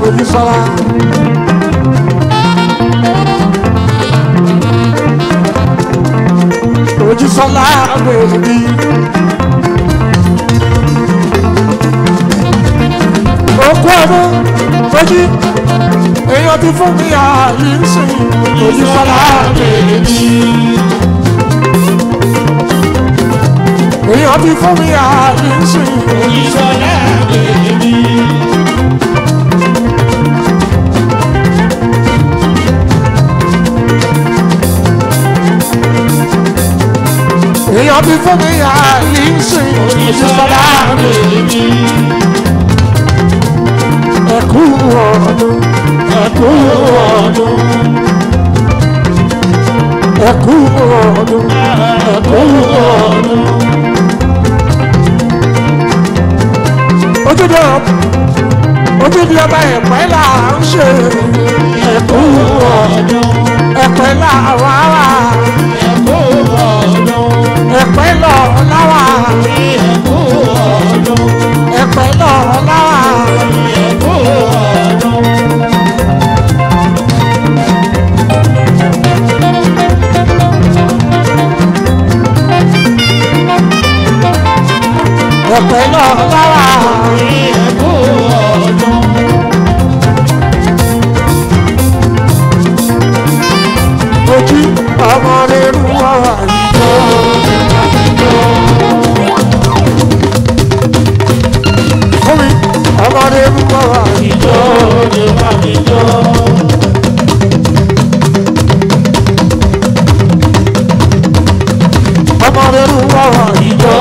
cabo de solar. Estou de solar, meu zumbi. Tô como? foi de. Em outro fome ali, sim. Tô de solar, meu zumbi. We are the family, I didn't see. èèyàn bí fún mi àlè ń sìn oṣù bàbá mi. ẹ̀kú ọdún ẹ̀kú ọdún ẹ̀kú ọdún ẹ̀kú ọdún. ojúde ojúde ọba ẹ̀pẹ́ là ń ṣe ẹ̀kú ọdún ẹ̀pẹ́ là wà wà ẹ̀kú ọdún ẹ̀pẹ́ lọ̀rọ̀ láwà ní ẹ̀kú ọ̀dọ́. ẹ̀pẹ́ lọ̀rọ̀ láwà ní ẹ̀kú ọ̀dọ́. ẹ̀pẹ́ lọ̀rọ̀ láwà ní ẹ̀kú ọ̀dọ́. ojú ọmọ rẹ.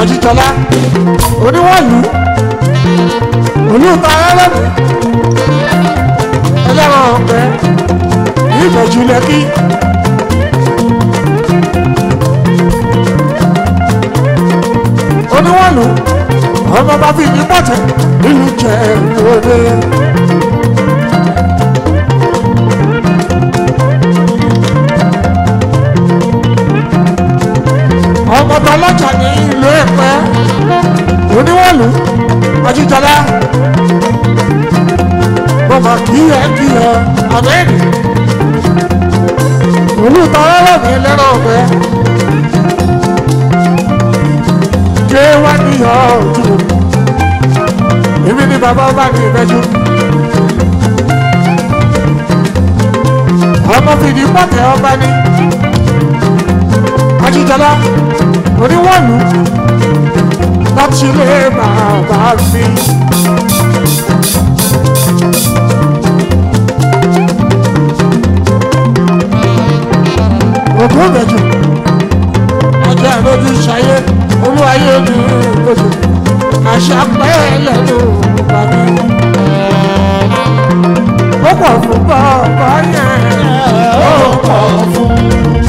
ọ̀jìjọba oníwọ̀lú olùkọ́ ẹlẹ́bí ẹlẹ́wọ̀n ọ̀pẹ ìgbẹ̀jú lẹ́kí. oníwọ̀lú ọmọ bá fi ní pọ̀tẹ́ nínú jẹ́ ìwé ọmọọba alájà ní ìlú Ẹ̀pẹ́ oníwọ̀lú Àjíjọlá bọ́mà kíyẹ kíyẹ àmẹ́rì òun ta ọlọ́rọ̀ ní ẹlẹ́rọ ọ̀fẹ́ gé wá níyọ̀ ojú èmi ni bàbá bá ní ìfẹ́jú ọmọ fìdí pàtẹ ọba ní ajíjọba oníwọ̀nù láti ilé bàbá mi. ògùn ìgbẹ̀jù ọjà ìlójú ṣayé olúwayé ní ìgbẹ̀jù àṣà pẹ́ lẹ́nu bàbá mi. ó pọ̀ fún bọ́ọ̀ bọ́ọ̀ yẹn. ó pọ̀ fún.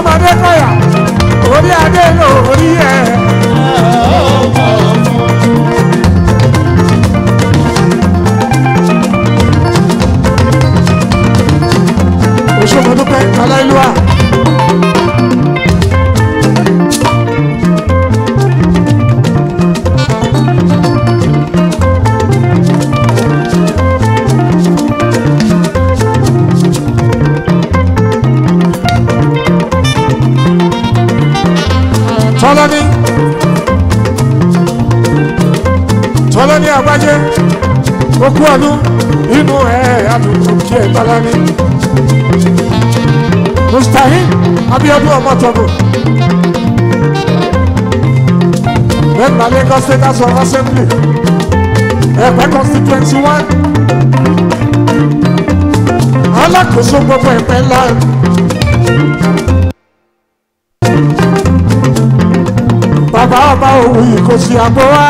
ọmọdé kọyà orí adé lórí ẹ. oṣù mọ́tò pẹ́ kálá ìlú wa. ogún ọdún inú ẹ̀ àdùnkù kí ẹ bá lání. Mustahil Abiodun Ọmọtọ́bù. Member Lagos State House of Assembly. Ẹ̀pẹ́ constituency one. Alákòóso gbogbo ẹ̀pẹ́ ńlá. Bàbá ọba òwú yìí kò sí àbọ̀ wá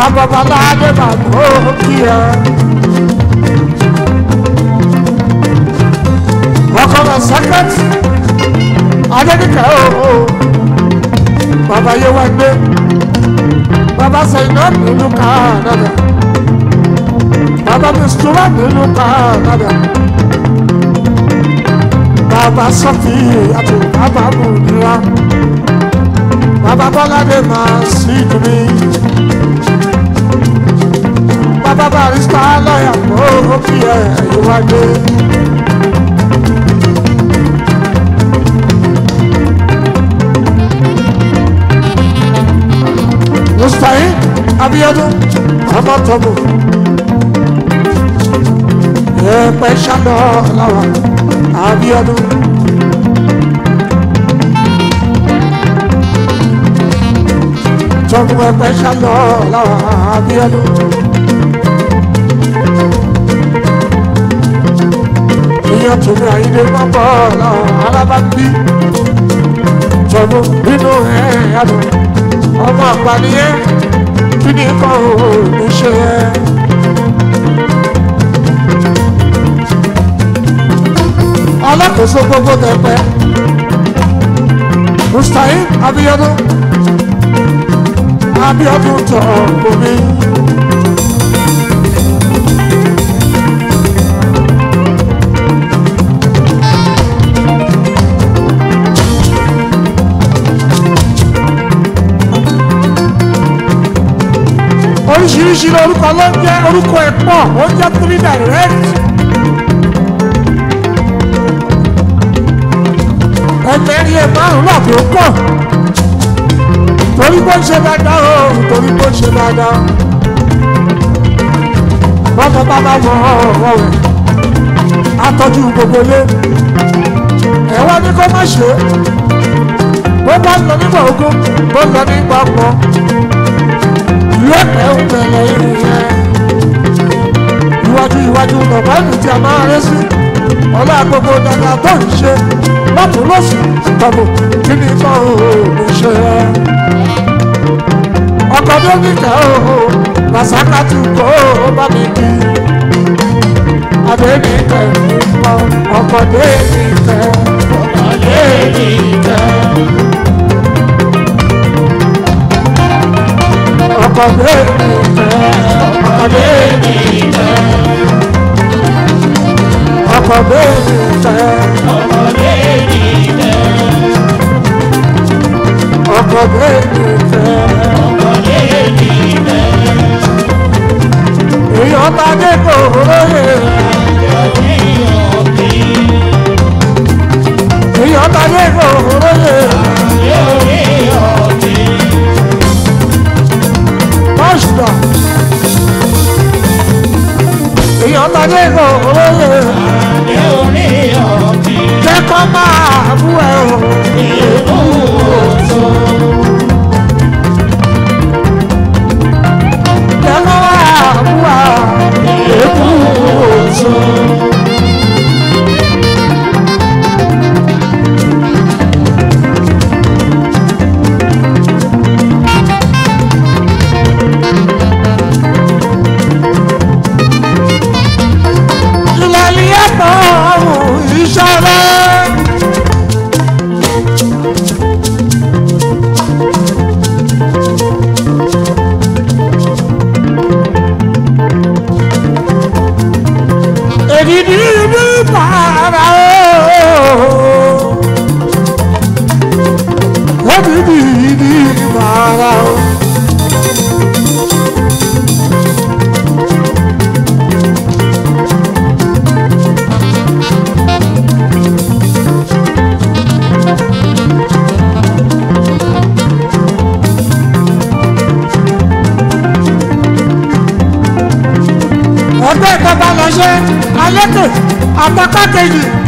bàbá bàbá adé bàbá ó kí ọ. ọkọ baba sẹkẹtì adédìkẹ ó bàbá yẹ wá gbé bàbá sẹyìn náà nínú kánádà baba mi sùnwà nínú kánádà bàbá sọfì àti bàbá mùdíra bàbá bọlá dé máa sí bá barista lọ́yà kó fi ẹ̀yìn wá dé. mustahi abiodun ọmọ tọmọ ẹpẹ ṣáná ọlọrọ abiodun. tọmọ ẹpẹ ṣáná ọlọrọ abiodun. èèyàn tòun àyíndé lọ́pọ̀ ọ̀làwọ̀n alábàbí tọ́nu nínú ẹ̀ adùn ọmọ àpànìyàn kí ni kò ní ṣe ẹ́. alákòóso gbogbo tẹ̀pẹ́ Mustahil Abíọ́dún Abíọ́dún tọ̀ ọ́ oríṣiríṣi lórúkọ ló ń jẹ́ orúkọ ẹ̀ pọ̀ ó ń jẹ́ direct. ẹ̀mẹ́ rí ẹ̀ márùn-ún làbí ó pọ̀ torí bó ń ṣe dáadáa o torí bó ń ṣe dáadáa bọ́tọ̀ bá bá wọ ọ̀rọ̀ rẹ̀ atọ́jú gbogbo lé ẹ̀ ní kó má ṣe bó bá lọ nígbà ogún bó lọ nígbà ọgbọ̀n ẹ̀pẹ́ òmẹ̀lẹ̀ ìrìnyẹn iwájú iwájú bàbá ìlú tí a máa rẹ́ sí ọlá gbogbo dada tó ń ṣe lọ́tún lọ́sì àtàbò kí ni bá òun ò ṣe ẹ́ ọkọ̀ dókítà òun làṣàkàtì kò bá mi kí àdéhùn ìtẹ̀ ọkọ̀ dé ìtẹ̀ ọkọ̀ dé ìtẹ̀. ọkọ mi ọkọ mi fẹ́ ọkọ mi fẹ́ ọkọ mi fẹ́ ọkọ mi fẹ́ ọkọ mi fẹ́ èèyàn bá dé kò róye. èèyàn bá dé kò róye ṣùdà. èèyàn tọ́jú ìgò olóyè. àdé orí ọ̀tí. jẹ́ kó máa bú ẹ o. ìlú òtún. jẹ́ kó máa bú ẹ àtàkà kejì.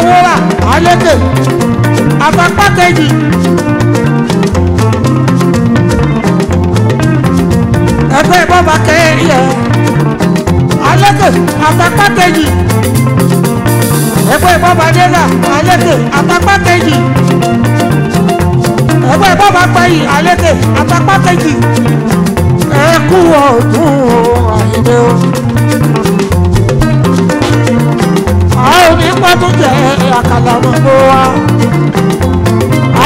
owó rà alékè àtàpá kejì. ẹgbẹ́ bọ́ba kẹ́hìn yẹ alékè àtàpá kejì. ẹgbẹ́ bọ́ba délà alékè àtàpá kejì. ẹgbẹ́ bọ́ba gbayì alékè àtàpá kejì. ẹ kú ọdún àyíndé o. bá tún jẹ́ àkàlà máa kó wa.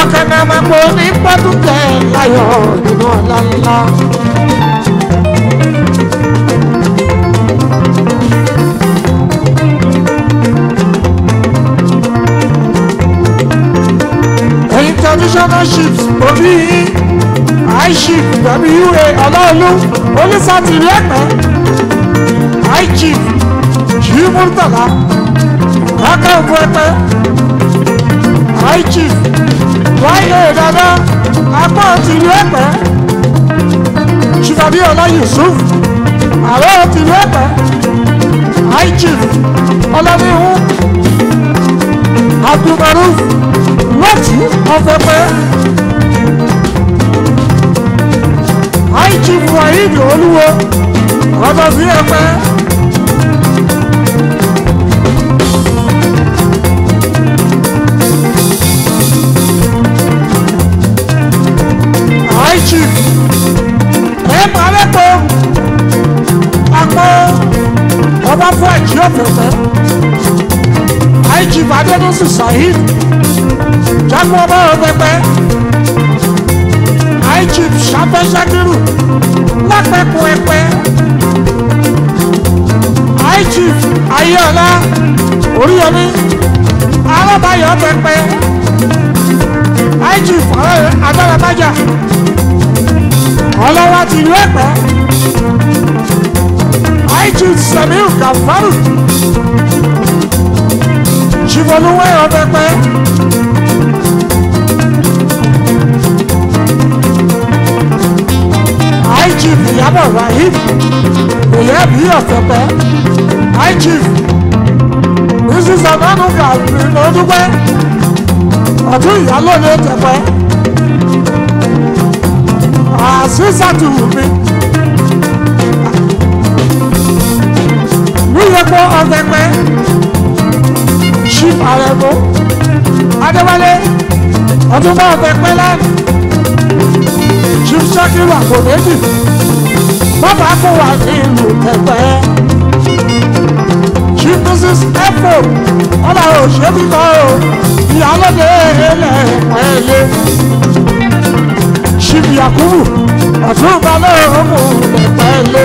àkàlà máa kó ní bá tún jẹ́ láyọ̀ nínú ọ̀la ńlá. international ships obi iship wa ọlọ́ọ̀lù onísàtìrì ẹ̀pẹ́ ichip jù murtala aka òfòpẹ high chief wáyé dada apá tìlú Ẹ̀pẹ́ ṣùgbọ́n ọlá Yusuf ààrẹ tìlú Ẹ̀pẹ́ high chief ọlọ́míhun abdulmaruf lọ́tì ọ̀fẹ́pẹ́ high chief wahid olúwo ọ̀dọ̀ sí Ẹ̀pẹ́. chief èèmọ̀ alẹ́kọ̀ọ́ àpò ọba fún àìjí ọ̀fẹ̀fẹ̀ àìjí bàdẹ́nusi saheed jágbó ọba ọ̀pẹpẹ àìjí sàfẹ́sàkírù lápẹ́kùn ẹpẹ àìjí ayéọlá oríyọmí alábàáyọ ọ̀pẹpẹ àìjí agbára bájà ọlọ́wà tìlú ẹ̀pẹ́ àìjù sẹ̀míù kàfárù ṣìfọ̀lúwẹ̀ ọ̀pẹ̀pẹ̀. Chief Ìyábọ̀ Rahim Ìyábí Ọ̀sẹ̀pẹ́ High Chief Mrs. Ọ̀nàdúgà Ìrìnà Ọdúpẹ́ Ọ̀tún Ìyálóde Tẹ̀pẹ́ àṣìṣàtù mi. Wúyẹ̀pọ̀ ọ̀gẹ̀pẹ̀ Chief Aremo Adéwálé Ọdúnbọ̀ ọ̀gẹ̀pẹ̀ lẹ́ Chief Shakiru Akomeji Bàbá kò wà ní ìlú pẹ̀pẹ́ Chief Mrs. Efo Ọlọ́run òṣèlú kan o ìyálóde ilẹ̀ ẹ̀pẹ́ ilé. Chief Yakubu ọ̀túnba lóòrùn mú pẹ̀pẹ́ lé.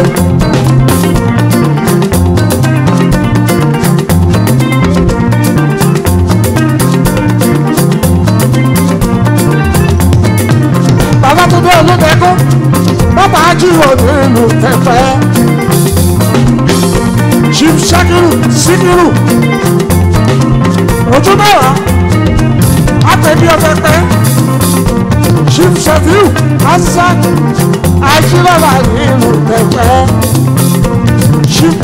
bàbá tó dé olùdẹ́kùn bàbá ajíwò nínú pẹ̀pẹ́. Chief Sakiru Sikiru ojú mẹ́wàá àtẹ̀bí ọ̀pẹ̀pẹ́. Chief Shafiu Hassan Ajibaba nínú pẹ̀pẹ́ Chief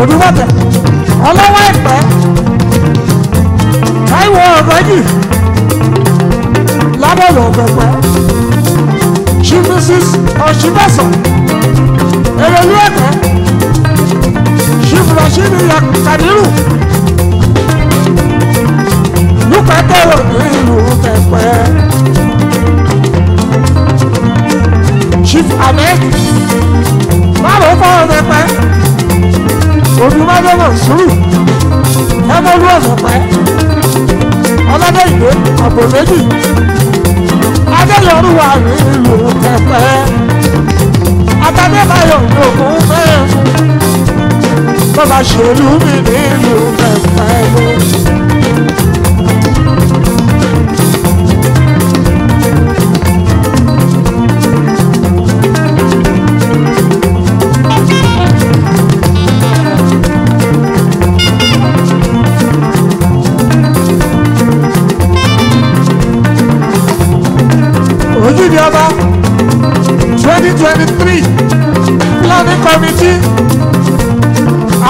Odúbọ̀tẹ̀ ọlọ́wọ́ ìpẹ́ Táíwò ọ̀rẹ́dì lábọ̀lọ̀ pẹ̀pẹ́ Chief Mrs. Ọ̀ṣibẹ̀sán Èrèlú Ẹ̀pẹ́ Chief Rashid Kadiru lúpẹ́ tọ̀rọ̀ nínú pẹ̀pẹ́ chief ahmed báwo fọwọ́ pẹpẹ olùmọdé mọ̀sùrù ẹgbẹ́lú ọ̀sọ̀pẹ́ ọlọ́dẹ ìlú àbò méjì adéyọrù wà ní ìlú pẹpẹ atadébáyọ̀ ògùn fẹ́ẹ́ bọ́ba ṣèlú mi ní pẹpẹ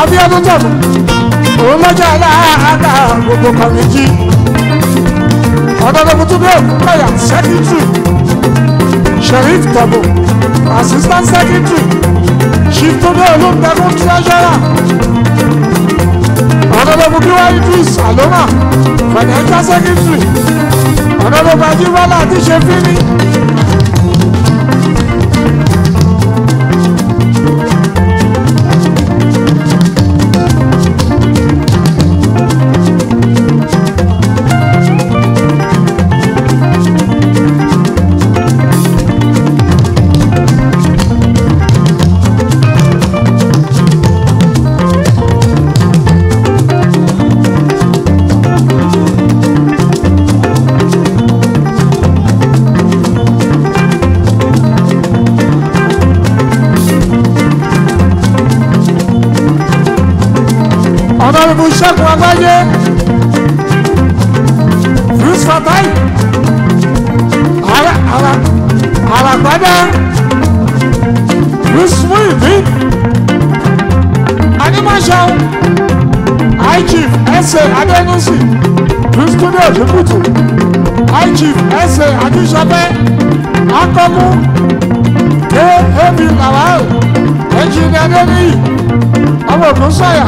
abíọ́dún tẹ̀mú òun lọ́jà aláàdá gbogbo kọ̀míjì ọ̀dọ́dọ́gbọ̀n tó bẹ́ẹ̀ kọ́yà sẹ́kítírì sheriff tẹ̀mú assistant secretary chief tó bẹ́ẹ̀ treasurer ọ̀dọ́dọ́gbọ̀n bíwá idris aloma financial secretary ọ̀dọ́dọ́gbọ̀n ajíwálà àti ṣẹ́fínì. ṣẹ́gun àgbáyé bruce fatai ara ara àràgbádá bruce muyibi animashaw igf ẹsẹ adẹnusi bruce tunde òdìbùtù igf ẹsẹ adúṣọpẹ akọmu ab lawal ẹnjìnìá lónìí ọmọ ògùn sọyà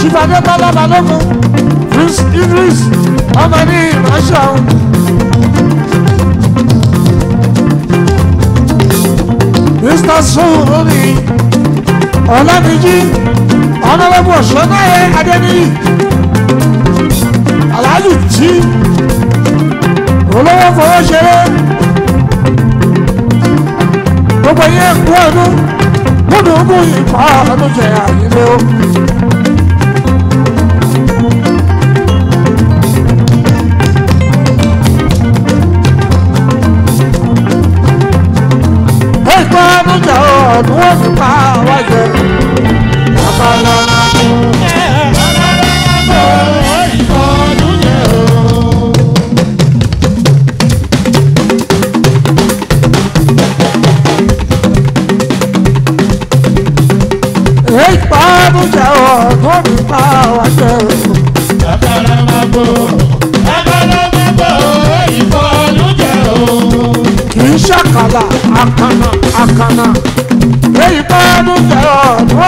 ṣìbàdé bọ́lá balógun prince idris ọmọ ní ìránṣẹ́ ọ̀hún. mr sun omi ọ̀làmìjì ọ̀nàwẹ́bù ọ̀ṣọ́náyé adẹ́niyì aláàlú jí olówó fowó ṣeré gbogbo yẹn kú ọdún gbọdọ̀ ogún ìfọ̀ ọdún jẹ àyílẹ̀ o. God was power?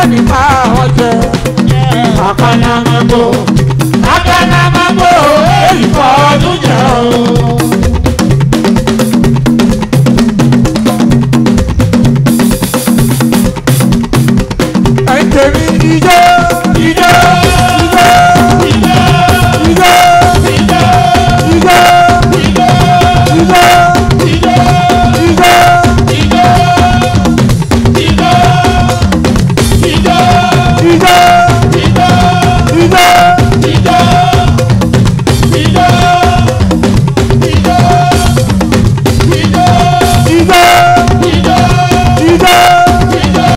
animal.